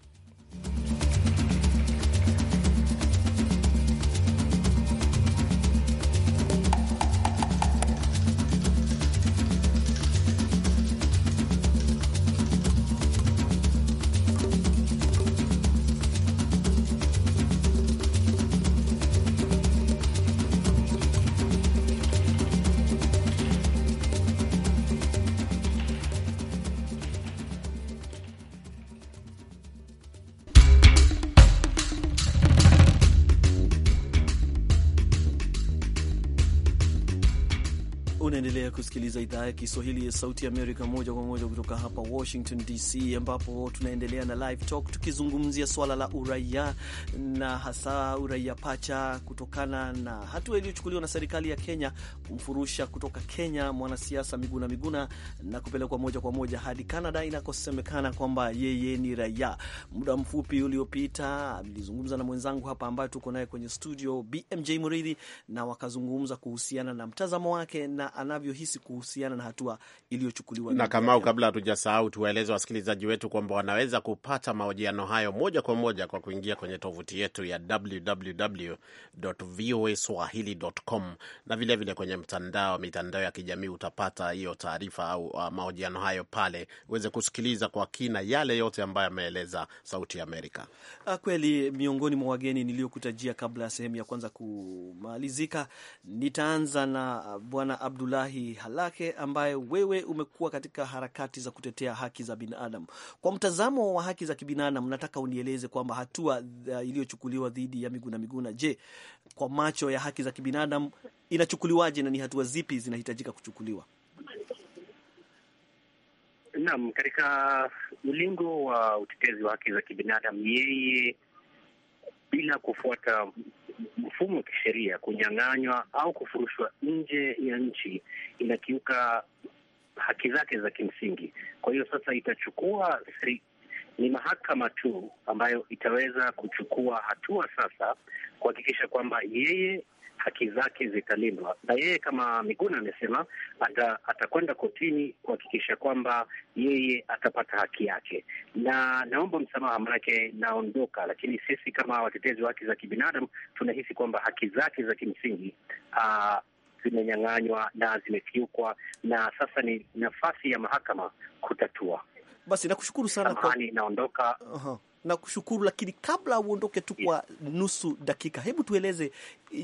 Unaendelea kusikiliza idhaa ya Kiswahili ya Sauti ya Amerika moja kwa moja kutoka hapa Washington DC, ambapo tunaendelea na live talk tukizungumzia swala la uraia na hasa uraia pacha, kutokana na hatua iliyochukuliwa na serikali ya Kenya kumfurusha kutoka Kenya mwanasiasa Miguna Miguna na kupelekwa moja kwa moja hadi Canada inakosemekana kwamba yeye ni raia. Muda mfupi uliopita nilizungumza na mwenzangu hapa ambaye tuko naye kwenye studio BMJ Muridhi, na wakazungumza kuhusiana na mtazamo wake na anavyohisi kuhusiana na hatua iliyochukuliwa. Na Kamau, kabla hatujasahau, tuwaeleze wasikilizaji wetu kwamba wanaweza kupata mahojiano hayo moja kwa moja kwa kuingia kwenye tovuti yetu ya www.voaswahili.com na vilevile kwenye mtandao mitandao ya kijamii utapata hiyo taarifa au uh, mahojiano hayo pale uweze kusikiliza kwa kina yale yote ambayo ameeleza Sauti ya Amerika. Ah, kweli miongoni mwa wageni niliyokutajia kabla ya sehemu ya kwanza kumalizika, nitaanza na uh, bwana Abdul Abdulahi Halake, ambaye wewe umekuwa katika harakati za kutetea haki za binadamu. Kwa mtazamo wa haki za kibinadamu, nataka unieleze kwamba hatua uh, iliyochukuliwa dhidi ya Miguna Miguna, je, kwa macho ya haki za kibinadamu inachukuliwaje na ni hatua zipi zinahitajika kuchukuliwa? Naam, katika ulingo wa utetezi wa haki za kibinadamu, yeye bila kufuata mfumo wa kisheria, kunyang'anywa au kufurushwa nje ya nchi inakiuka haki zake za kimsingi. Kwa hiyo sasa itachukua siri, ni mahakama tu ambayo itaweza kuchukua hatua sasa kuhakikisha kwamba yeye haki zake zitalindwa. Na yeye kama Miguna amesema atakwenda kotini kuhakikisha kwamba yeye atapata haki yake, na naomba msamaha, manake naondoka. Lakini sisi kama watetezi wa haki za kibinadamu tunahisi kwamba haki zake za kimsingi uh, zimenyang'anywa na zimekiukwa, na sasa ni nafasi ya mahakama kutatua. Basi nakushukuru sana kwa... naondoka. uh -huh na kushukuru, lakini kabla uondoke tu kwa nusu dakika, hebu tueleze,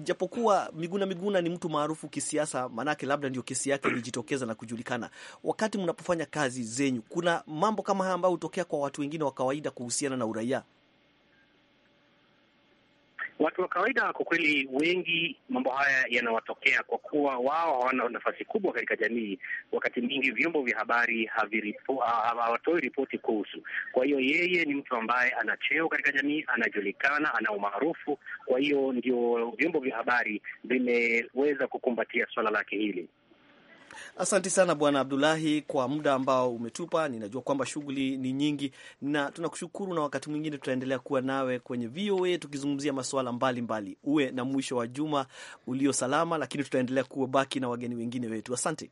japokuwa Miguna Miguna ni mtu maarufu kisiasa, maanake labda ndio kesi yake ilijitokeza na kujulikana, wakati mnapofanya kazi zenyu, kuna mambo kama haya ambayo hutokea kwa watu wengine wa kawaida kuhusiana na uraia? Watu wa kawaida kwa kweli, wengi mambo haya yanawatokea kwa kuwa wao hawana nafasi kubwa katika jamii. Wakati mwingi vyombo vya habari hawatoi ripoti kuhusu. Kwa hiyo, yeye ni mtu ambaye ana cheo katika jamii, anajulikana, ana umaarufu. Kwa hiyo, ndio vyombo vya habari vimeweza kukumbatia swala lake hili. Asante sana Bwana Abdulahi kwa muda ambao umetupa. Ninajua kwamba shughuli ni nyingi, na tunakushukuru, na wakati mwingine tutaendelea kuwa nawe kwenye VOA tukizungumzia masuala mbalimbali. Uwe na mwisho wa juma ulio salama, lakini tutaendelea kuwa baki na wageni wengine wetu. Asante.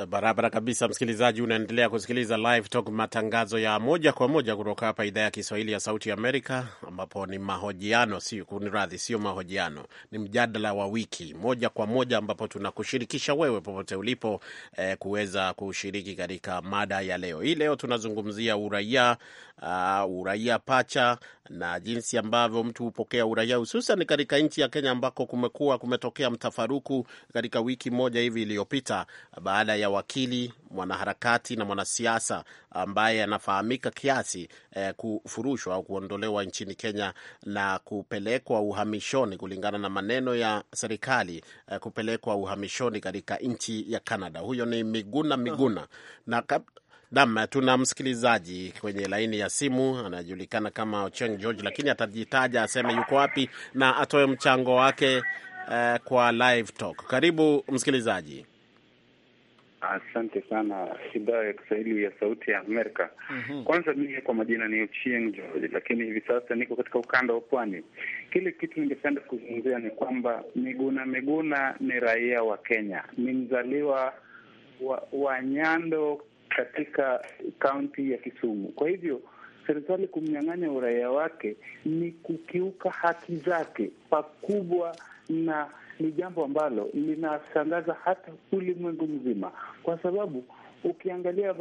Eh, barabara kabisa, msikilizaji, unaendelea kusikiliza Live Talk, matangazo ya moja kwa moja kutoka hapa idhaa ya Kiswahili ya Sauti Amerika, ambapo ni mahojiano, si kunradhi, sio mahojiano, ni mjadala wa wiki moja kwa moja, ambapo tunakushirikisha wewe popote ulipo eh, kuweza kushiriki katika mada ya leo hii. Leo tunazungumzia uraia, uh, uraia pacha na jinsi ambavyo mtu hupokea uraia, hususan katika nchi ya Kenya ambako kumekuwa kumetokea mtafaruku katika wiki moja hivi iliyopita baada ya ya wakili, mwanaharakati na mwanasiasa ambaye anafahamika kiasi eh, kufurushwa au kuondolewa nchini Kenya na kupelekwa uhamishoni, kulingana na maneno ya serikali eh, kupelekwa uhamishoni katika nchi ya Canada. Huyo ni Miguna Miguna na Nam, tuna msikilizaji kwenye laini ya simu, anajulikana kama Ocheng George, lakini atajitaja aseme yuko wapi na atoe mchango wake eh, kwa live talk. Karibu msikilizaji. Asante sana idhaa ya Kiswahili ya Sauti ya Amerika. mm -hmm. Kwanza mimi kwa majina ni Ochieng George, lakini hivi sasa niko katika ukanda wa pwani. Kile kitu ningependa kuzungumzia ni kwamba Miguna Miguna ni raia wa Kenya, ni mzaliwa wa, wa Nyando katika kaunti ya Kisumu. Kwa hivyo serikali kumnyang'anya uraia wake ni kukiuka haki zake pakubwa na ni jambo ambalo linashangaza hata ulimwengu mzima, kwa sababu ukiangalia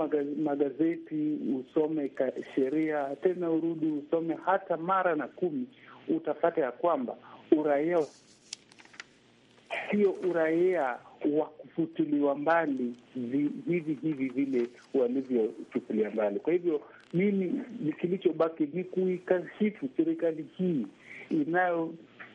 magazeti, usome sheria, tena urudi usome hata mara na kumi, utapata ya kwamba uraia sio uraia wa kufutiliwa mbali hivi hivi vile walivyochukulia mbali. Kwa hivyo mimi kilichobaki ni kuikashifu serikali hii inayo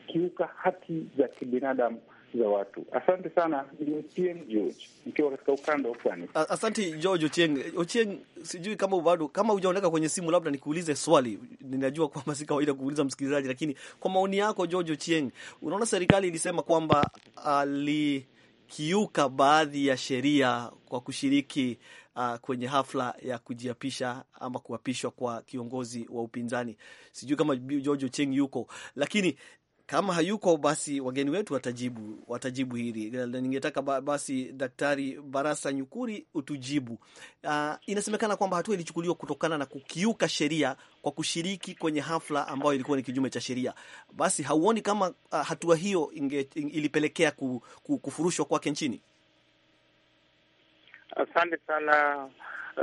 kukiuka haki za kibinadamu za watu. Asante sana Ochieng George, mkiwa katika ukanda wa pwani. Asante George Ochieng. Ochieng, sijui kama bado kama hujaoneka kwenye simu, labda nikuulize swali. Ninajua kwamba si kawaida kuuliza msikilizaji, lakini kwa maoni yako George Ochieng, unaona serikali ilisema kwamba ali kiuka baadhi ya sheria kwa kushiriki uh, kwenye hafla ya kujiapisha ama kuapishwa kwa kiongozi wa upinzani. Sijui kama George Ocheng yuko, lakini kama hayuko basi, wageni wetu watajibu, watajibu hili. Ningetaka basi Daktari Barasa Nyukuri utujibu. Uh, inasemekana kwamba hatua ilichukuliwa kutokana na kukiuka sheria kwa kushiriki kwenye hafla ambayo ilikuwa ni kinyume cha sheria. Basi hauoni kama uh, hatua hiyo inge, inge, ilipelekea kufurushwa kwake nchini? Asante sana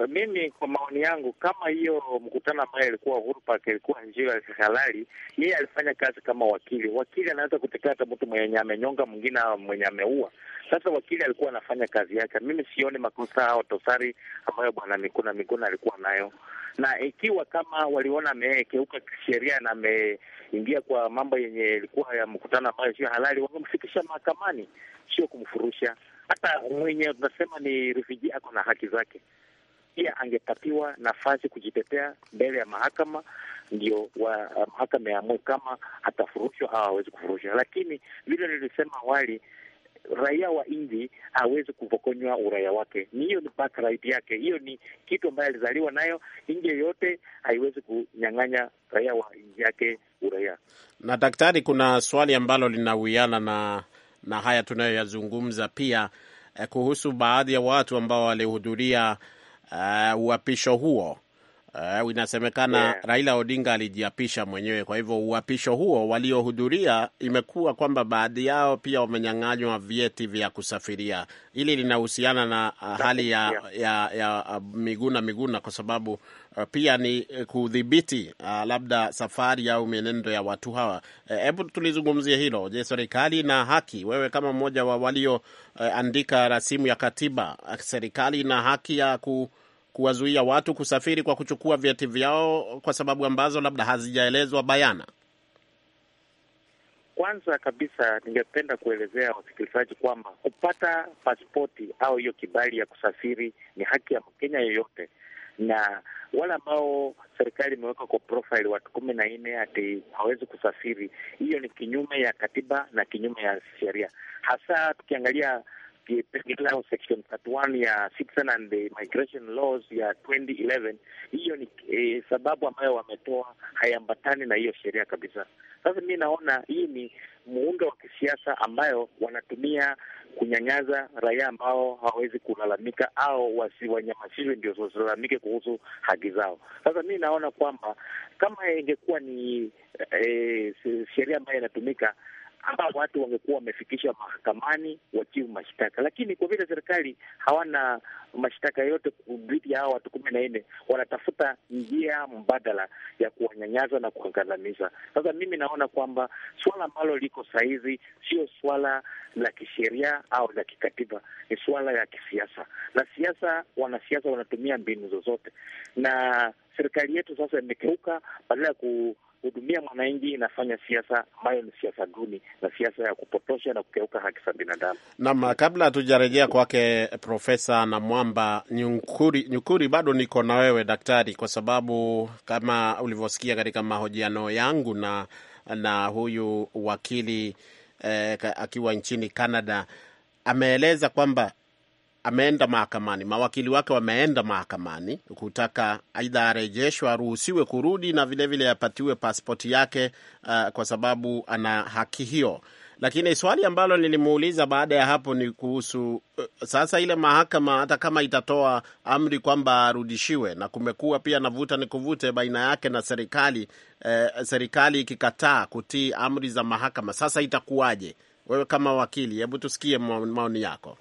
Uh, mimi kwa maoni yangu kama hiyo mkutano ambaye alikuwa huru pake ilikuwa njia halali, yeye alifanya kazi kama wakili. Wakili anaweza kutetea hata mtu mwenye amenyonga mwingine mwenye ameua. Sasa wakili alikuwa anafanya kazi yake, mimi sioni makosa au dosari ambayo bwana Mikuna Mikuna alikuwa nayo, na ikiwa kama waliona amekeuka kisheria na ameingia kwa mambo yenye ilikuwa ya mkutano ambayo sio halali, wangemfikisha mahakamani, sio kumfurusha. Hata mwenye tunasema ni refugee ako na haki zake pia angepatiwa nafasi kujitetea mbele ya mahakama, ndio uh, mahakama yaamue kama atafurushwa au hawezi kufurushwa. Lakini vile nilisema awali, raia wa nji hawezi kuvokonywa uraia wake. Ni hiyo ni birthright yake, hiyo ni kitu ambayo alizaliwa nayo. nji yoyote haiwezi kunyang'anya raia wa nji yake uraia. Na daktari, kuna swali ambalo linawiana na na haya tunayoyazungumza pia eh, kuhusu baadhi ya watu ambao walihudhuria uhapisho uh, huo Uh, inasemekana yeah. Raila Odinga alijiapisha mwenyewe, kwa hivyo uapisho huo waliohudhuria, imekuwa kwamba baadhi yao pia wamenyang'anywa vyeti vya kusafiria. Hili linahusiana na uh, hali ya, ya, ya uh, Miguna Miguna kwa sababu uh, pia ni eh, kudhibiti uh, labda safari au mienendo ya watu hawa. Eh, hebu uh, tulizungumzie hilo. Je, serikali ina haki, wewe kama mmoja wa walioandika uh, rasimu ya katiba, serikali ina haki ya ku kuwazuia watu kusafiri kwa kuchukua vyeti vyao kwa sababu ambazo labda hazijaelezwa bayana? Kwanza kabisa ningependa kuelezea wasikilizaji kwamba kupata pasipoti au hiyo kibali ya kusafiri ni haki ya Mkenya yeyote, na wale ambao serikali imeweka kwa profile watu kumi na nne ati hawezi kusafiri, hiyo ni kinyume ya katiba na kinyume ya sheria, hasa tukiangalia ukiepengelea section 31 ya Citizen and the Migration Laws ya 2011 hiyo ni eh, sababu ambayo wametoa haiambatani na hiyo sheria kabisa. Sasa mi naona hii ni muundo wa kisiasa ambayo wanatumia kunyanyaza raia ambao hawawezi kulalamika au wasiwanyamazishwe ndio wasilalamike kuhusu haki zao. Sasa mi naona kwamba kama ingekuwa ni eh, sheria ambayo inatumika ambao watu wangekuwa wamefikishwa mahakamani wajibu mashtaka, lakini kwa vile serikali hawana mashtaka yote dhidi ya hao watu kumi na nne, wanatafuta njia mbadala ya kuwanyanyasa na kuwagandamiza. Sasa mimi naona kwamba suala ambalo liko sahizi sio suala la kisheria au la kikatiba, ni suala ya kisiasa, na siasa, wanasiasa wanatumia mbinu zozote, na serikali yetu sasa imekeuka badala ya ku kuhudumia mwananchi inafanya siasa ambayo ni siasa duni na siasa ya kupotosha na kukeuka haki za binadamu. Naam, kabla hatujarejea kwake Profesa Namwamba Nyukuri, Nyukuri, bado niko na wewe daktari, kwa sababu kama ulivyosikia katika mahojiano yangu na na huyu wakili eh, akiwa nchini Canada ameeleza kwamba ameenda mahakamani, mawakili wake wameenda mahakamani kutaka aidha arejeshwe, aruhusiwe kurudi na vilevile vile apatiwe pasipoti yake uh, kwa sababu ana haki hiyo. Lakini swali ambalo nilimuuliza baada ya hapo ni kuhusu uh, sasa ile mahakama hata kama itatoa amri kwamba arudishiwe, na kumekuwa pia navuta ni kuvute baina yake na serikali eh, serikali ikikataa kutii amri za mahakama, sasa itakuwaje? Wewe kama wakili, hebu tusikie maoni yako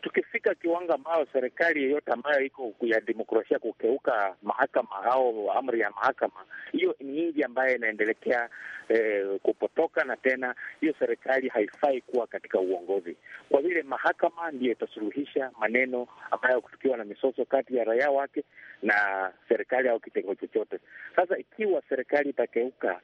tukifika kiwango ambayo serikali yeyote ambayo iko ya demokrasia kukeuka mahakama au amri ya mahakama, hiyo ni nji ambayo inaendelekea eh, kupotoka, na tena hiyo serikali haifai kuwa katika uongozi, kwa vile mahakama ndiyo itasuluhisha maneno ambayo kutukiwa na misoso kati ya raia wake na serikali au kitengo chochote. Sasa ikiwa serikali itakeuka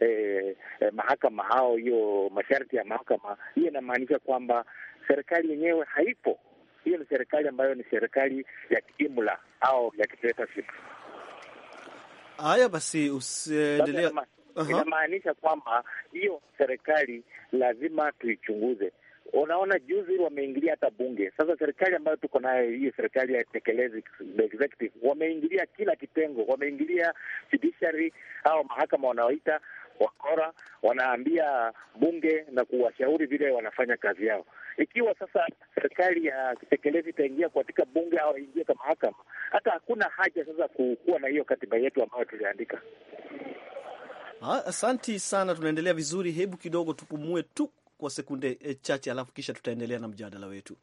eh, eh, mahakama hao, hiyo masharti ya mahakama hiyo, inamaanisha kwamba serikali yenyewe haipo. Hiyo ni serikali ambayo ni serikali ya kiimla au ya dictatorship. Haya basi, usiendelee. Inamaanisha kwamba hiyo serikali lazima tuichunguze. Unaona, juzi wameingilia hata bunge. Sasa serikali ambayo tuko nayo hiyo serikali ya tekelezi, the executive, wameingilia kila kitengo, wameingilia judiciary au mahakama wanaoita, wakora, wanaambia bunge na kuwashauri vile wanafanya kazi yao. Ikiwa sasa serikali ya kitekelezi itaingia katika bunge au ingie kwa mahakama, hata hakuna haja sasa kuwa na hiyo katiba yetu ambayo tuliandika. Ah, asanti sana, tunaendelea vizuri. Hebu kidogo tupumue tu kwa sekunde eh, chache, alafu kisha tutaendelea na mjadala wetu.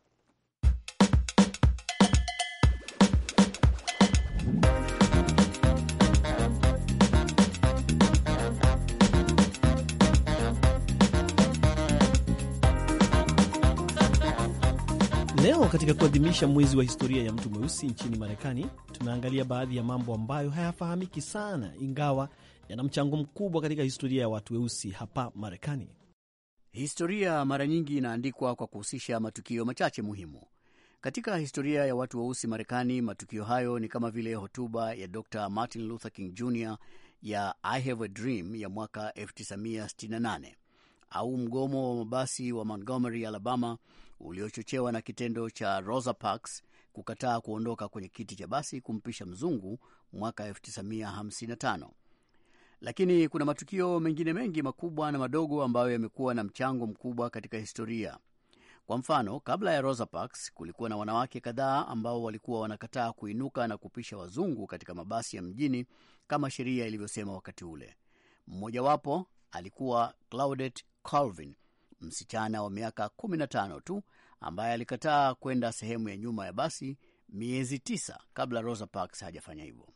katika kuadhimisha mwezi wa historia ya mtu mweusi nchini Marekani, tunaangalia baadhi ya mambo ambayo hayafahamiki sana, ingawa yana mchango mkubwa katika historia ya watu weusi hapa Marekani. Historia mara nyingi inaandikwa kwa kuhusisha matukio machache muhimu katika historia ya watu weusi Marekani. Matukio hayo ni kama vile hotuba ya Dr Martin Luther King Jr ya I Have a Dream ya mwaka 1968 au mgomo wa mabasi wa Montgomery, Alabama uliochochewa na kitendo cha Rosa Parks kukataa kuondoka kwenye kiti cha basi kumpisha mzungu mwaka 1955. Lakini kuna matukio mengine mengi makubwa na madogo ambayo yamekuwa na mchango mkubwa katika historia. Kwa mfano, kabla ya Rosa Parks kulikuwa na wanawake kadhaa ambao walikuwa wanakataa kuinuka na kupisha wazungu katika mabasi ya mjini kama sheria ilivyosema wakati ule. Mmojawapo alikuwa Claudette Colvin msichana wa miaka 15 tu ambaye alikataa kwenda sehemu ya nyuma ya basi miezi tisa kabla Rosa Parks hajafanya hivyo.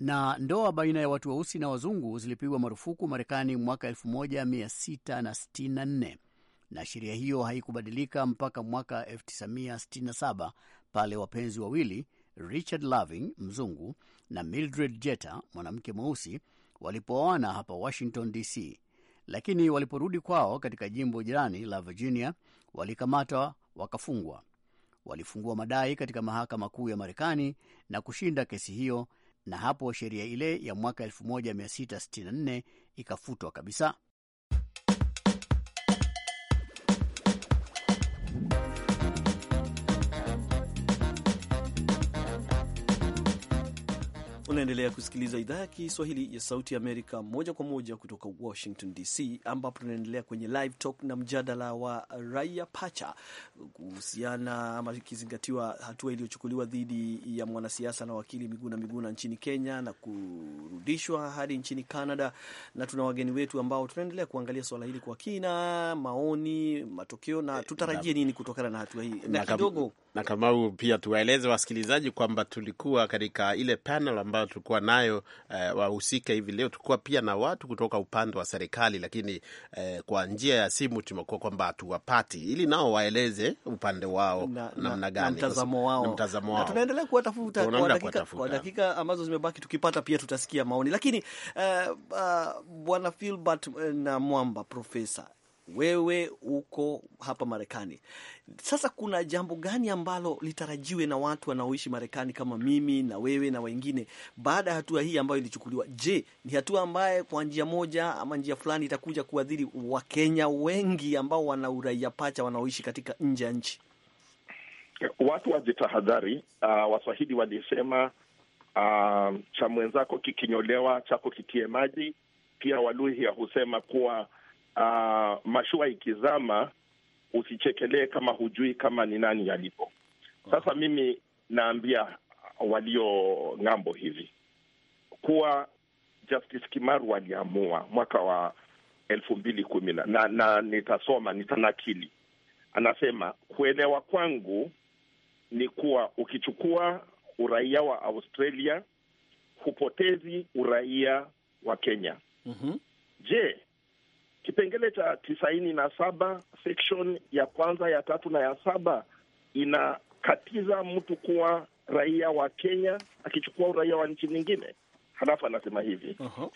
Na ndoa baina ya watu weusi na wazungu zilipigwa marufuku Marekani mwaka 1664 na sheria hiyo haikubadilika mpaka mwaka 1967 pale wapenzi wawili Richard Loving mzungu na Mildred Jeter mwanamke mweusi walipooana hapa Washington DC lakini waliporudi kwao katika jimbo jirani la Virginia walikamatwa wakafungwa. Walifungua madai katika mahakama kuu ya Marekani na kushinda kesi hiyo, na hapo sheria ile ya mwaka 1664 ikafutwa kabisa. Unaendelea kusikiliza idhaa ya Kiswahili ya Sauti Amerika moja kwa moja kutoka Washington DC, ambapo tunaendelea kwenye live talk na mjadala wa raia pacha kuhusiana ama ikizingatiwa hatua iliyochukuliwa dhidi ya mwanasiasa na wakili Miguna Miguna nchini Kenya na kurudishwa hadi nchini Canada. Na tuna wageni wetu ambao tunaendelea kuangalia swala hili kwa kina, maoni, matokeo na eh, tutarajie nini kutokana na hatua hii, na kidogo na Kamau, pia tuwaeleze wasikilizaji kwamba tulikuwa katika ile panel ambayo tulikuwa nayo eh, wahusika hivi leo. Tulikuwa pia na watu kutoka upande wa serikali, lakini eh, kwa njia ya simu tumekuwa kwamba hatuwapati, ili nao waeleze upande wao namna gani mtazamo wao mtazamo wao, tunaendelea kuwatafuta kwa dakika, kwa dakika ambazo zimebaki, tukipata pia tutasikia maoni, lakini uh, uh, Filbert eh, na Mwamba profesa wewe uko hapa Marekani. Sasa kuna jambo gani ambalo litarajiwe na watu wanaoishi Marekani kama mimi na wewe na wengine baada ya hatua hii ambayo ilichukuliwa? Je, ni hatua ambaye kwa njia moja ama njia fulani itakuja kuadhiri Wakenya wengi ambao wana uraia pacha wanaoishi katika nje ya nchi? Watu wajitahadhari. Uh, Waswahili walisema uh, cha mwenzako kikinyolewa chako kitie maji. Pia Waluhya husema kuwa uh, mashua ikizama usichekelee kama hujui kama ni nani alipo. Sasa mimi naambia walio ng'ambo hivi kuwa Justice Kimaru aliamua mwaka wa elfu mbili kumi na na, nitasoma nitanakili. Anasema, kuelewa kwangu ni kuwa ukichukua uraia wa Australia hupotezi uraia wa Kenya. mm -hmm. Je, Kipengele cha tisaini na saba section ya kwanza ya tatu na ya saba inakatiza mtu kuwa raia wa Kenya akichukua uraia wa nchi nyingine. Halafu anasema hivi uh -huh.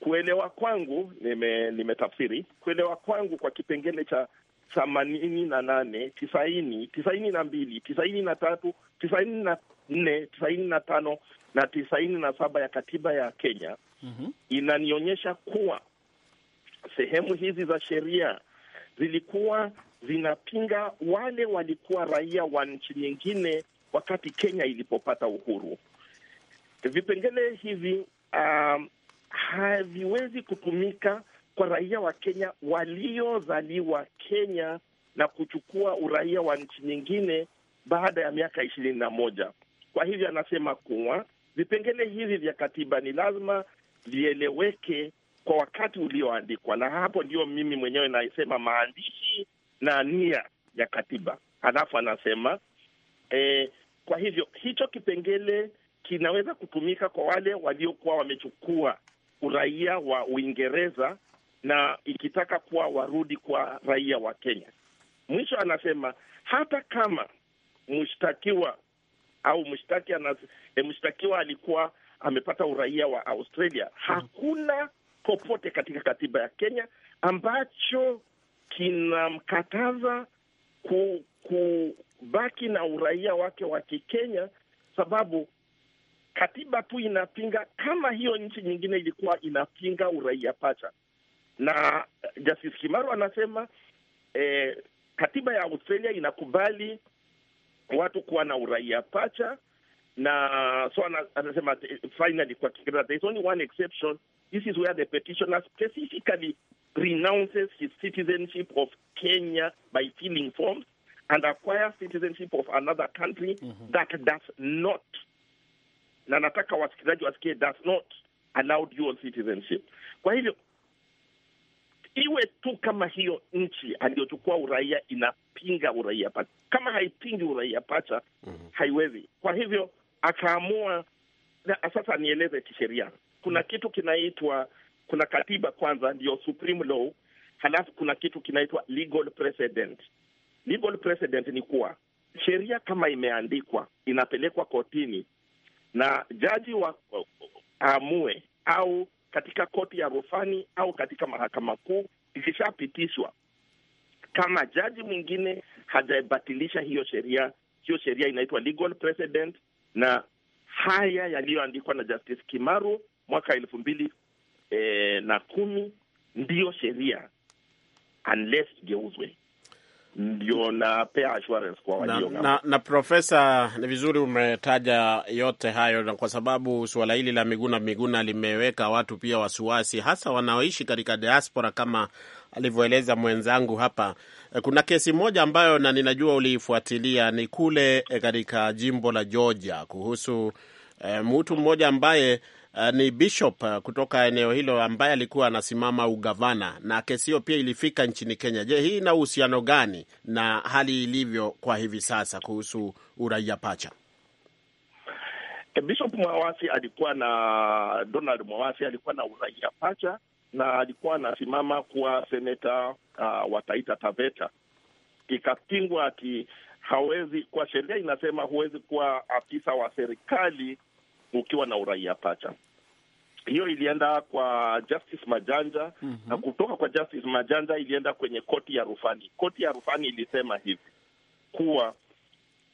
Kuelewa kwangu nime, nimetafsiri kuelewa kwangu kwa kipengele cha themanini na nane tisaini tisaini na mbili tisaini na tatu tisaini na nne tisaini na tano na tisaini na saba ya katiba ya Kenya uh-huh. inanionyesha kuwa sehemu hizi za sheria zilikuwa zinapinga wale walikuwa raia wa nchi nyingine wakati Kenya ilipopata uhuru. Vipengele hivi um, haviwezi kutumika kwa raia wa Kenya waliozaliwa Kenya na kuchukua uraia wa nchi nyingine baada ya miaka ishirini na moja. Kwa hivyo anasema kuwa vipengele hivi vya katiba ni lazima vieleweke kwa wakati ulioandikwa, na hapo ndio mimi mwenyewe naisema maandishi na nia ya katiba. Halafu anasema eh, kwa hivyo hicho kipengele kinaweza kutumika kwa wale waliokuwa wamechukua uraia wa Uingereza na ikitaka kuwa warudi kwa raia wa Kenya. Mwisho anasema hata kama mshtakiwa au mshtaki, e, mshtakiwa alikuwa amepata uraia wa Australia, hakuna popote katika katiba ya Kenya ambacho kinamkataza kubaki na uraia wake wa Kikenya, sababu katiba tu inapinga kama hiyo nchi nyingine ilikuwa inapinga uraia pacha. Na eh, Justice Kimaru anasema eh, katiba ya Australia inakubali watu kuwa na uraia pacha na so anasema eh, finally, kwa Kiingereza there is only one exception This is where the petitioner specifically renounces his citizenship of Kenya by filling forms and acquires citizenship of another country mm-hmm. that does not, na nataka wasikilizaji wasikie, does not allow dual citizenship. Kwa hivyo iwe tu kama hiyo nchi aliyochukua uraia inapinga uraia pacha, kama haipingi uraia pacha mm-hmm. haiwezi. Kwa hivyo akaamua, sasa nieleze kisheria kuna kitu kinaitwa, kuna katiba kwanza, ndiyo supreme law, halafu kuna kitu kinaitwa legal precedent. Legal precedent ni kuwa sheria kama imeandikwa inapelekwa kotini na jaji wa aamue, au katika koti ya rufani au katika mahakama kuu. Ikishapitishwa, kama jaji mwingine hajabatilisha hiyo sheria, hiyo sheria inaitwa legal precedent, na haya yaliyoandikwa na Justice Kimaru mwaka elfu mbili e, eh, na kumi ndiyo sheria unless igeuzwe ndio napea assurance kwa walio na, na, na Profesa, ni vizuri umetaja yote hayo, na kwa sababu suala hili la Miguna Miguna limeweka watu pia wasiwasi, hasa wanaoishi katika diaspora kama alivyoeleza mwenzangu hapa. Eh, kuna kesi moja ambayo na ninajua uliifuatilia ni kule eh, katika jimbo la Georgia kuhusu eh, mtu mmoja ambaye uh, ni Bishop uh, kutoka eneo hilo ambaye alikuwa anasimama ugavana, na kesi hiyo pia ilifika nchini Kenya. Je, hii ina uhusiano gani na hali ilivyo kwa hivi sasa kuhusu uraia pacha? Eh, Bishop Mwawasi alikuwa na Donald Mwawasi alikuwa na uraia pacha na alikuwa anasimama kuwa seneta uh, wa Taita Taveta, ikapingwa ati hawezi kuwa, sheria inasema huwezi kuwa afisa wa serikali ukiwa na uraia pacha. Hiyo ilienda kwa Justice Majanja mm -hmm. na kutoka kwa Justice Majanja ilienda kwenye koti ya rufani. Koti ya rufani ilisema hivi kuwa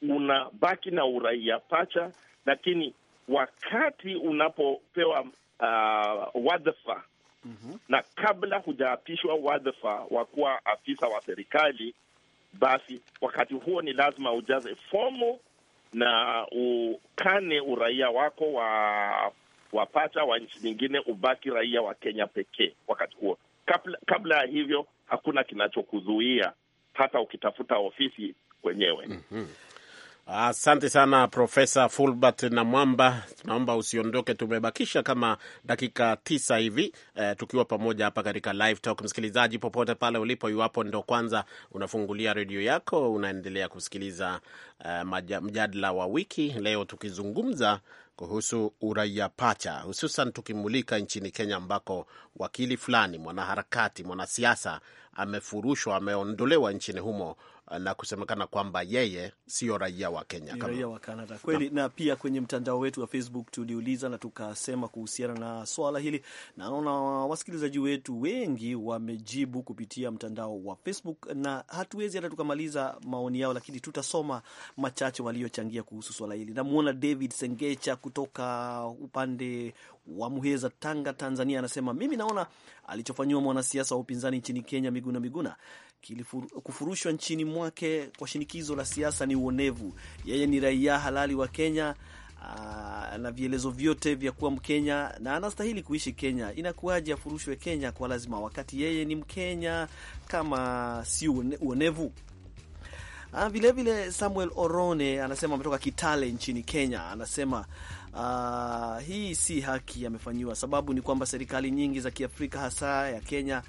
unabaki na uraia pacha, lakini wakati unapopewa uh, wadhifa mm -hmm. na kabla hujaapishwa wadhifa wa kuwa afisa wa serikali, basi wakati huo ni lazima ujaze fomu na ukane uraia wako wa wapata wa nchi nyingine, ubaki raia wa Kenya pekee wakati huo. Kabla, kabla ya hivyo hakuna kinachokuzuia hata ukitafuta ofisi wenyewe. mm -hmm. Asante sana Profesa Fulbert na Mwamba, tunaomba usiondoke, tumebakisha kama dakika tisa hivi e, tukiwa pamoja hapa katika live talk. Msikilizaji popote pale ulipo, iwapo ndo kwanza unafungulia redio yako, unaendelea kusikiliza e, mjadala wa wiki leo, tukizungumza kuhusu uraia pacha, hususan tukimulika nchini Kenya ambako wakili fulani, mwanaharakati, mwanasiasa amefurushwa, ameondolewa nchini humo na kusemekana kwamba yeye siyo raia wa Kenya, raia wa Canada kweli na. na pia kwenye mtandao wetu wa Facebook tuliuliza na tukasema kuhusiana na swala hili, naona wasikilizaji wetu wengi wamejibu kupitia mtandao wa Facebook na hatuwezi hata tukamaliza maoni yao, lakini tutasoma machache waliochangia kuhusu swala hili. Namwona David Sengecha kutoka upande wa Muheza, Tanga, Tanzania, anasema mimi naona alichofanyiwa mwanasiasa wa upinzani nchini Kenya Miguna Miguna kufurushwa nchini mwake kwa shinikizo la siasa ni uonevu. Yeye ni raia halali wa Kenya, ah, na vielezo vyote vya kuwa Mkenya na anastahili kuishi Kenya. Inakuwaje afurushwe Kenya kwa lazima, wakati yeye ni Mkenya? Kama si uonevu. Vilevile ah, vile Samuel Orone anasema ametoka Kitale nchini Kenya, anasema Uh, hii si haki amefanyiwa. Sababu ni kwamba serikali nyingi za Kiafrika hasa ya Kenya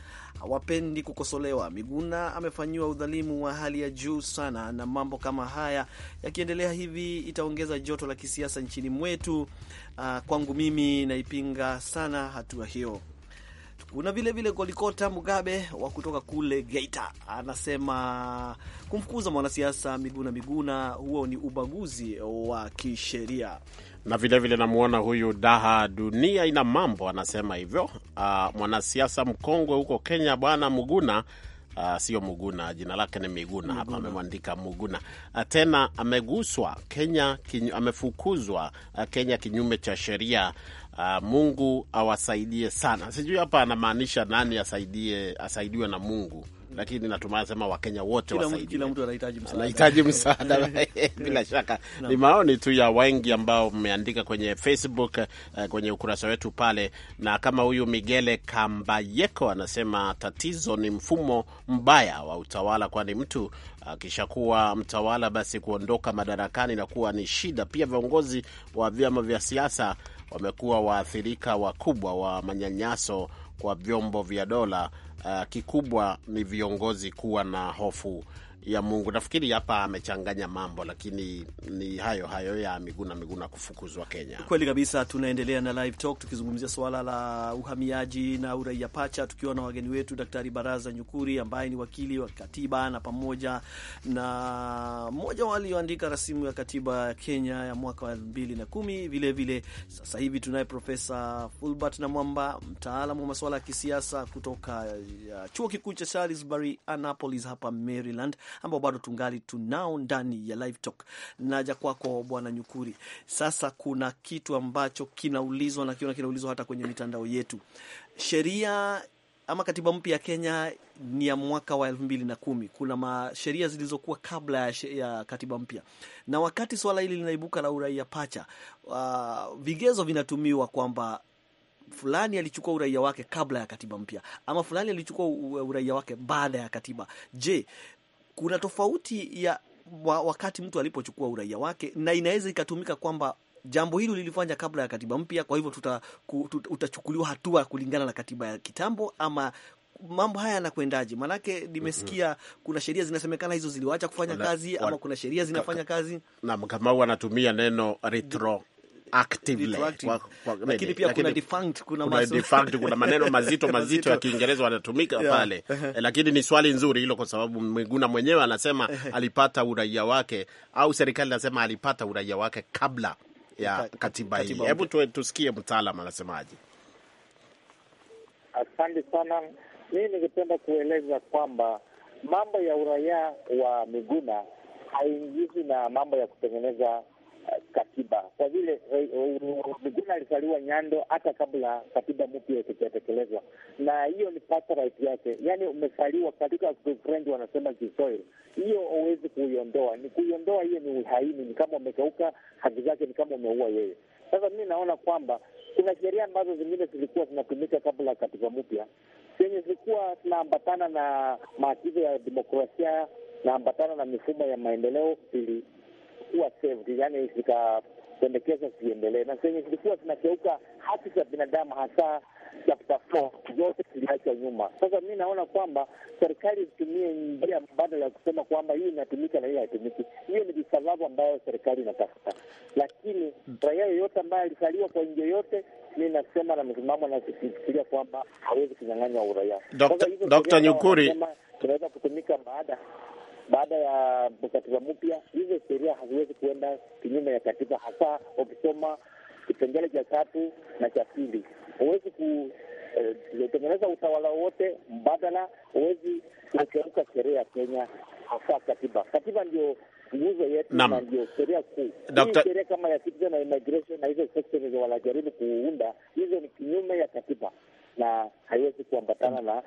hawapendi kukosolewa. Miguna amefanyiwa udhalimu wa hali ya juu sana, na mambo kama haya yakiendelea hivi itaongeza joto la kisiasa nchini mwetu. Uh, kwangu mimi naipinga sana hatua hiyo. Kuna vilevile Golikota Mugabe wa kutoka kule Geita anasema kumfukuza mwanasiasa Miguna Miguna huo ni ubaguzi wa kisheria na vilevile namwona huyu Daha Dunia ina mambo anasema hivyo. Uh, mwanasiasa mkongwe huko Kenya bwana Muguna Uh, sio Muguna, jina lake ni Miguna hapa amemwandika Muguna. Ah, tena ameguswa Kenya kinyu, amefukuzwa Kenya kinyume cha sheria. Uh, Mungu awasaidie sana. Sijui hapa anamaanisha nani asaidie, asaidiwe na Mungu lakini natumai sema Wakenya wote anahitaji msaada eh, bila shaka Ni maoni tu ya wengi ambao mmeandika kwenye Facebook uh, kwenye ukurasa wetu pale, na kama huyu Migele Kambayeko anasema tatizo ni mfumo mbaya wa utawala, kwani mtu akishakuwa uh, mtawala basi kuondoka madarakani na kuwa ni shida. Pia viongozi wa vyama vya siasa wamekuwa waathirika wakubwa wa manyanyaso kwa vyombo vya dola Ah, kikubwa ni viongozi kuwa na hofu ya Mungu. Nafikiri hapa amechanganya mambo, lakini ni hayo hayo ya Miguna Miguna kufukuzwa Kenya. Kweli kabisa. Tunaendelea na live talk tukizungumzia suala la uhamiaji na uraia pacha, tukiwa na wageni wetu Daktari Baraza Nyukuri ambaye ni wakili wa katiba na pamoja na mmoja walioandika rasimu ya katiba ya Kenya ya mwaka wa elfu mbili na kumi. Vilevile sasa hivi tunaye Profesa Fulbert na Mwamba, mtaalamu wa masuala ya kisiasa kutoka eh, chuo kikuu cha Salisbury Annapolis hapa Maryland ambao bado tungali tunao ndani ya live talk. Naja kwako Bwana Nyukuri. Sasa kuna kitu ambacho kinaulizwa na kiona kinaulizwa hata kwenye mitandao yetu, sheria ama katiba mpya ya Kenya ni ya mwaka wa elfu mbili na kumi. Kuna masheria zilizokuwa kabla ya katiba mpya, na wakati swala hili linaibuka la uraia pacha, uh, vigezo vinatumiwa kwamba fulani alichukua uraia wake kabla ya katiba mpya ama fulani alichukua uraia wake baada ya katiba. Je, kuna tofauti ya wa, wakati mtu alipochukua uraia wake, na inaweza ikatumika kwamba jambo hili lilifanya kabla ya katiba mpya, kwa hivyo tuta, tuta, utachukuliwa hatua kulingana na katiba ya kitambo ama mambo haya yanakwendaje? Maanake nimesikia mm -hmm. kuna sheria zinasemekana hizo ziliwacha kufanya Wala, kazi ama kuna sheria zinafanya kazi. Naam, Kamau anatumia neno retro actively kwa, kwa, lakini pia lakini kuna defunct, kuna, kuna, defunct, kuna maneno mazito mazito ya Kiingereza wanatumika yeah, pale uh-huh. eh, lakini ni swali nzuri hilo, kwa sababu Miguna mwenyewe anasema uh-huh. alipata uraia wake au serikali anasema alipata uraia wake kabla ya katiba hii. Hebu tusikie mtaalam anasemaje. Asante sana. Mimi ningependa kueleza kwamba mambo ya uraia wa Miguna haingizi na mambo ya kutengeneza katiba kwa vile eh, Miguna alisaliwa Nyando hata kabla katiba mpya ikijatekelezwa, na hiyo ni birthright yake. Yani umesaliwa katika, French wanasema kisoil, hiyo huwezi kuiondoa. Ni kuiondoa hiyo ni uhaini, ni kama umekeuka haki zake, ni kama umeua yeye. Sasa mi naona kwamba kuna sheria ambazo zingine zilikuwa zinatumika kabla ya katiba mpya zenye zilikuwa zinaambatana na maagizo ya demokrasia naambatana na mifumo ya maendeleo ili kuwa safety, yani zikapendekezwa ziendelee, na zenye zilikuwa zinakeuka haki za binadamu hasa chapter four zote ziliachwa nyuma. Sasa mi naona kwamba serikali itumie njia mbadala ya kusema kwamba hii inatumika na hii haitumiki. Hiyo ni visababu ambayo serikali inatafuta, lakini raia yoyote ambaye alisaliwa kwa nje yote, mi nasema na msimamo nasifikiria kwamba hawezi kunyang'anywa uraia. Nyukuri tunaweza kutumika baada baada ya katiba mpya, hizo sheria haziwezi kuenda kinyume ya katiba, hasa ukisoma kipengele cha tatu na cha pili. Huwezi eh, kutengeneza utawala wowote mbadala, huwezi kukeuka sheria ya Kenya, hasa katiba. Katiba ndio nguzo yetu na ndio sheria kuu. Sheria kama ya citizen na immigration na hizo sections wanajaribu kuunda, hizo ni kinyume ya katiba na haiwezi kuambatana na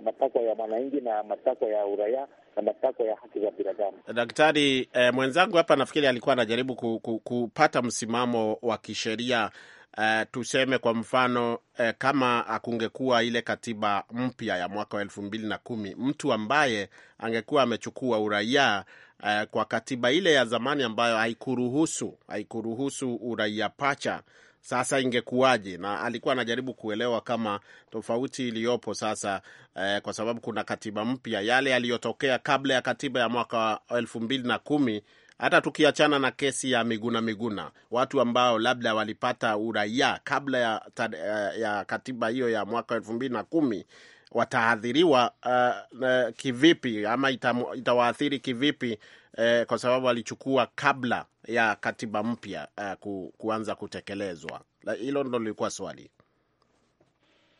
matakwa ya mwananchi na matakwa ya uraia na matakwa ya haki za binadamu. Daktari eh, mwenzangu hapa nafikiri alikuwa anajaribu ku, ku, kupata msimamo wa kisheria Uh, tuseme kwa mfano uh, kama akungekuwa ile katiba mpya ya mwaka wa elfu mbili na kumi mtu ambaye angekuwa amechukua uraia uh, kwa katiba ile ya zamani ambayo haikuruhusu haikuruhusu uraia pacha sasa ingekuwaje? Na alikuwa anajaribu kuelewa kama tofauti iliyopo sasa eh, kwa sababu kuna katiba mpya, yale yaliyotokea kabla ya katiba ya mwaka elfu mbili na kumi hata tukiachana na kesi ya Miguna Miguna, watu ambao labda walipata uraia kabla ya, eh, ya katiba hiyo ya mwaka elfu mbili na kumi wataadhiriwa uh, eh, uh, eh, kivipi ama itawaathiri kivipi eh, kwa sababu alichukua kabla ya katiba mpya eh, ku, kuanza kutekelezwa. Hilo ndo lilikuwa swali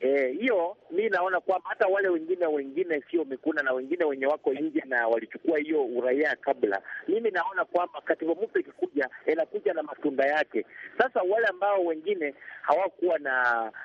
eh, hiyo. E, mi naona kwamba hata wale wengine wengine sio Mikuna na wengine wenye wako nje na walichukua hiyo uraia kabla, mimi naona kwamba katiba mpya ikikuja inakuja na matunda yake. Sasa wale ambao wengine hawakuwa na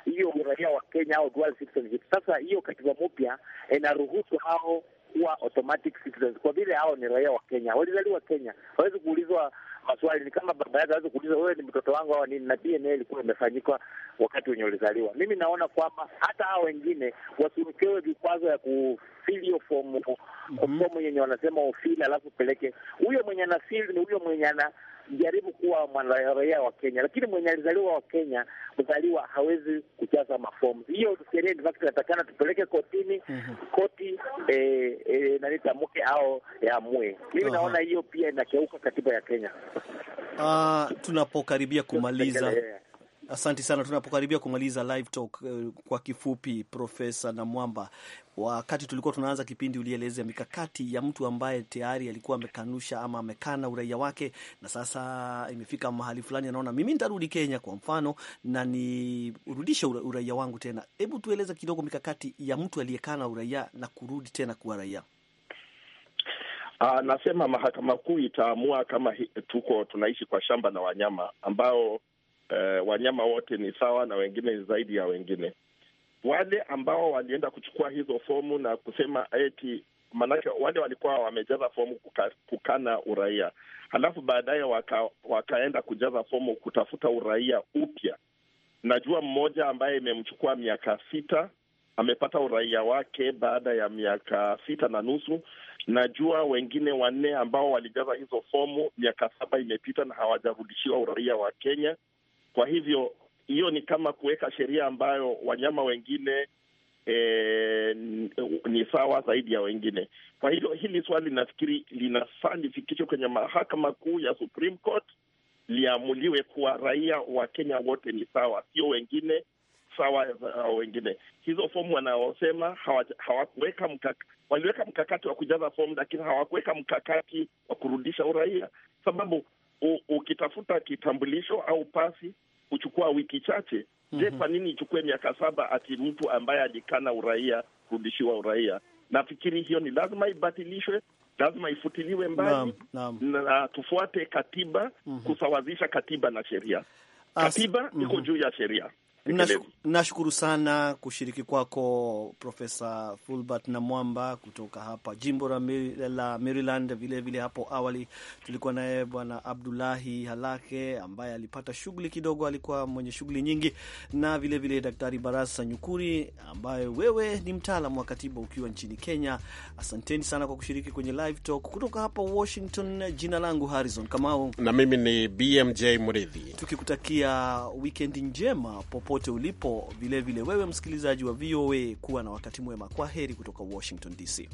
hiyo uraia wa Kenya au dual citizenship, sasa hiyo katiba mpya inaruhusu hao kuwa automatic citizens kwa vile hao ni raia wa Kenya, walizaliwa Kenya, hawezi kuulizwa maswali. Ni kama baba yake hawezi kuuliza wewe ni mtoto wangu au nini, na DNA ilikuwa imefanyika wakati wenye ulizaliwa. Mimi naona kwamba hata hao wengine wasiwekewe vikwazo ya kufili hiyo fomu mhm. fomu yenye wanasema ufili, alafu peleke huyo mwenye ana fili ni huyo mwenye ana jaribu kuwa mwanaraia wa Kenya, lakini mwenye alizaliwa wa Kenya mzaliwa hawezi kujaza mafomu. Hiyo sheria inatakana tupeleke kotini, mhm. koti eh, eh, nani tamuke au yaamue. Mimi naona hiyo pia inakeuka katiba ya Kenya. Ah, tunapokaribia kumaliza asanti sana. Tunapokaribia kumaliza live talk, uh, kwa kifupi, Profesa Namwamba, wakati tulikuwa tunaanza kipindi ulielezea mikakati ya mtu ambaye tayari alikuwa amekanusha ama amekana uraia wake, na sasa imefika mahali fulani anaona mimi nitarudi Kenya kwa mfano na nirudishe uraia wangu tena. Hebu tueleze kidogo mikakati ya mtu aliyekana uraia na kurudi tena kuwa raia. Uh, nasema mahakama kuu itaamua kama tuko tunaishi kwa shamba na wanyama ambao uh, wanyama wote ni sawa na wengine zaidi ya wengine. Wale ambao walienda kuchukua hizo fomu na kusema eti, maanake wale walikuwa wamejaza fomu kuka, kukana uraia, halafu baadaye waka, wakaenda kujaza fomu kutafuta uraia upya. Najua mmoja ambaye imemchukua miaka sita amepata uraia wake baada ya miaka sita na nusu. Najua wengine wanne ambao walijaza hizo fomu, miaka saba imepita na hawajarudishiwa uraia wa Kenya. Kwa hivyo hiyo ni kama kuweka sheria ambayo wanyama wengine e, ni sawa zaidi ya wengine. Kwa hivyo hili swali nafikiri linafaa lifikishwe kwenye mahakama kuu ya Supreme Court, liamuliwe kuwa raia wa Kenya wote ni sawa, sio wengine sawa uh, wengine. Hizo fomu wanaosema hawakuweka mkaka, waliweka mkakati wa kujaza fomu, lakini hawakuweka mkakati wa kurudisha uraia, sababu ukitafuta kitambulisho au pasi kuchukua wiki chache. mm -hmm. Je, mhm. kwa nini ichukue miaka saba ati mtu ambaye alikana uraia kurudishiwa uraia? Nafikiri hiyo ni lazima ibatilishwe, lazima ifutiliwe mbali na, na, tufuate katiba mm -hmm. kusawazisha katiba na sheria. Katiba mm -hmm. iko mhm. juu ya sheria. Nashukuru sana kushiriki kwako Profesa Fulbert na Mwamba kutoka hapa jimbo la Maryland. Vilevile hapo awali tulikuwa naye Bwana Abdulahi Halake ambaye alipata shughuli kidogo, alikuwa mwenye shughuli nyingi, na vilevile vile Daktari Barasa Nyukuri ambaye wewe ni mtaalam wa katiba ukiwa nchini Kenya. Asanteni sana kwa kushiriki kwenye Live Talk kutoka hapa Washington. Jina langu Harrison Kamau na mimi ni BMJ Mridhi, tukikutakia wikendi njema popo popote ulipo. Vilevile vile wewe msikilizaji wa VOA, kuwa na wakati mwema. Kwa heri kutoka Washington DC.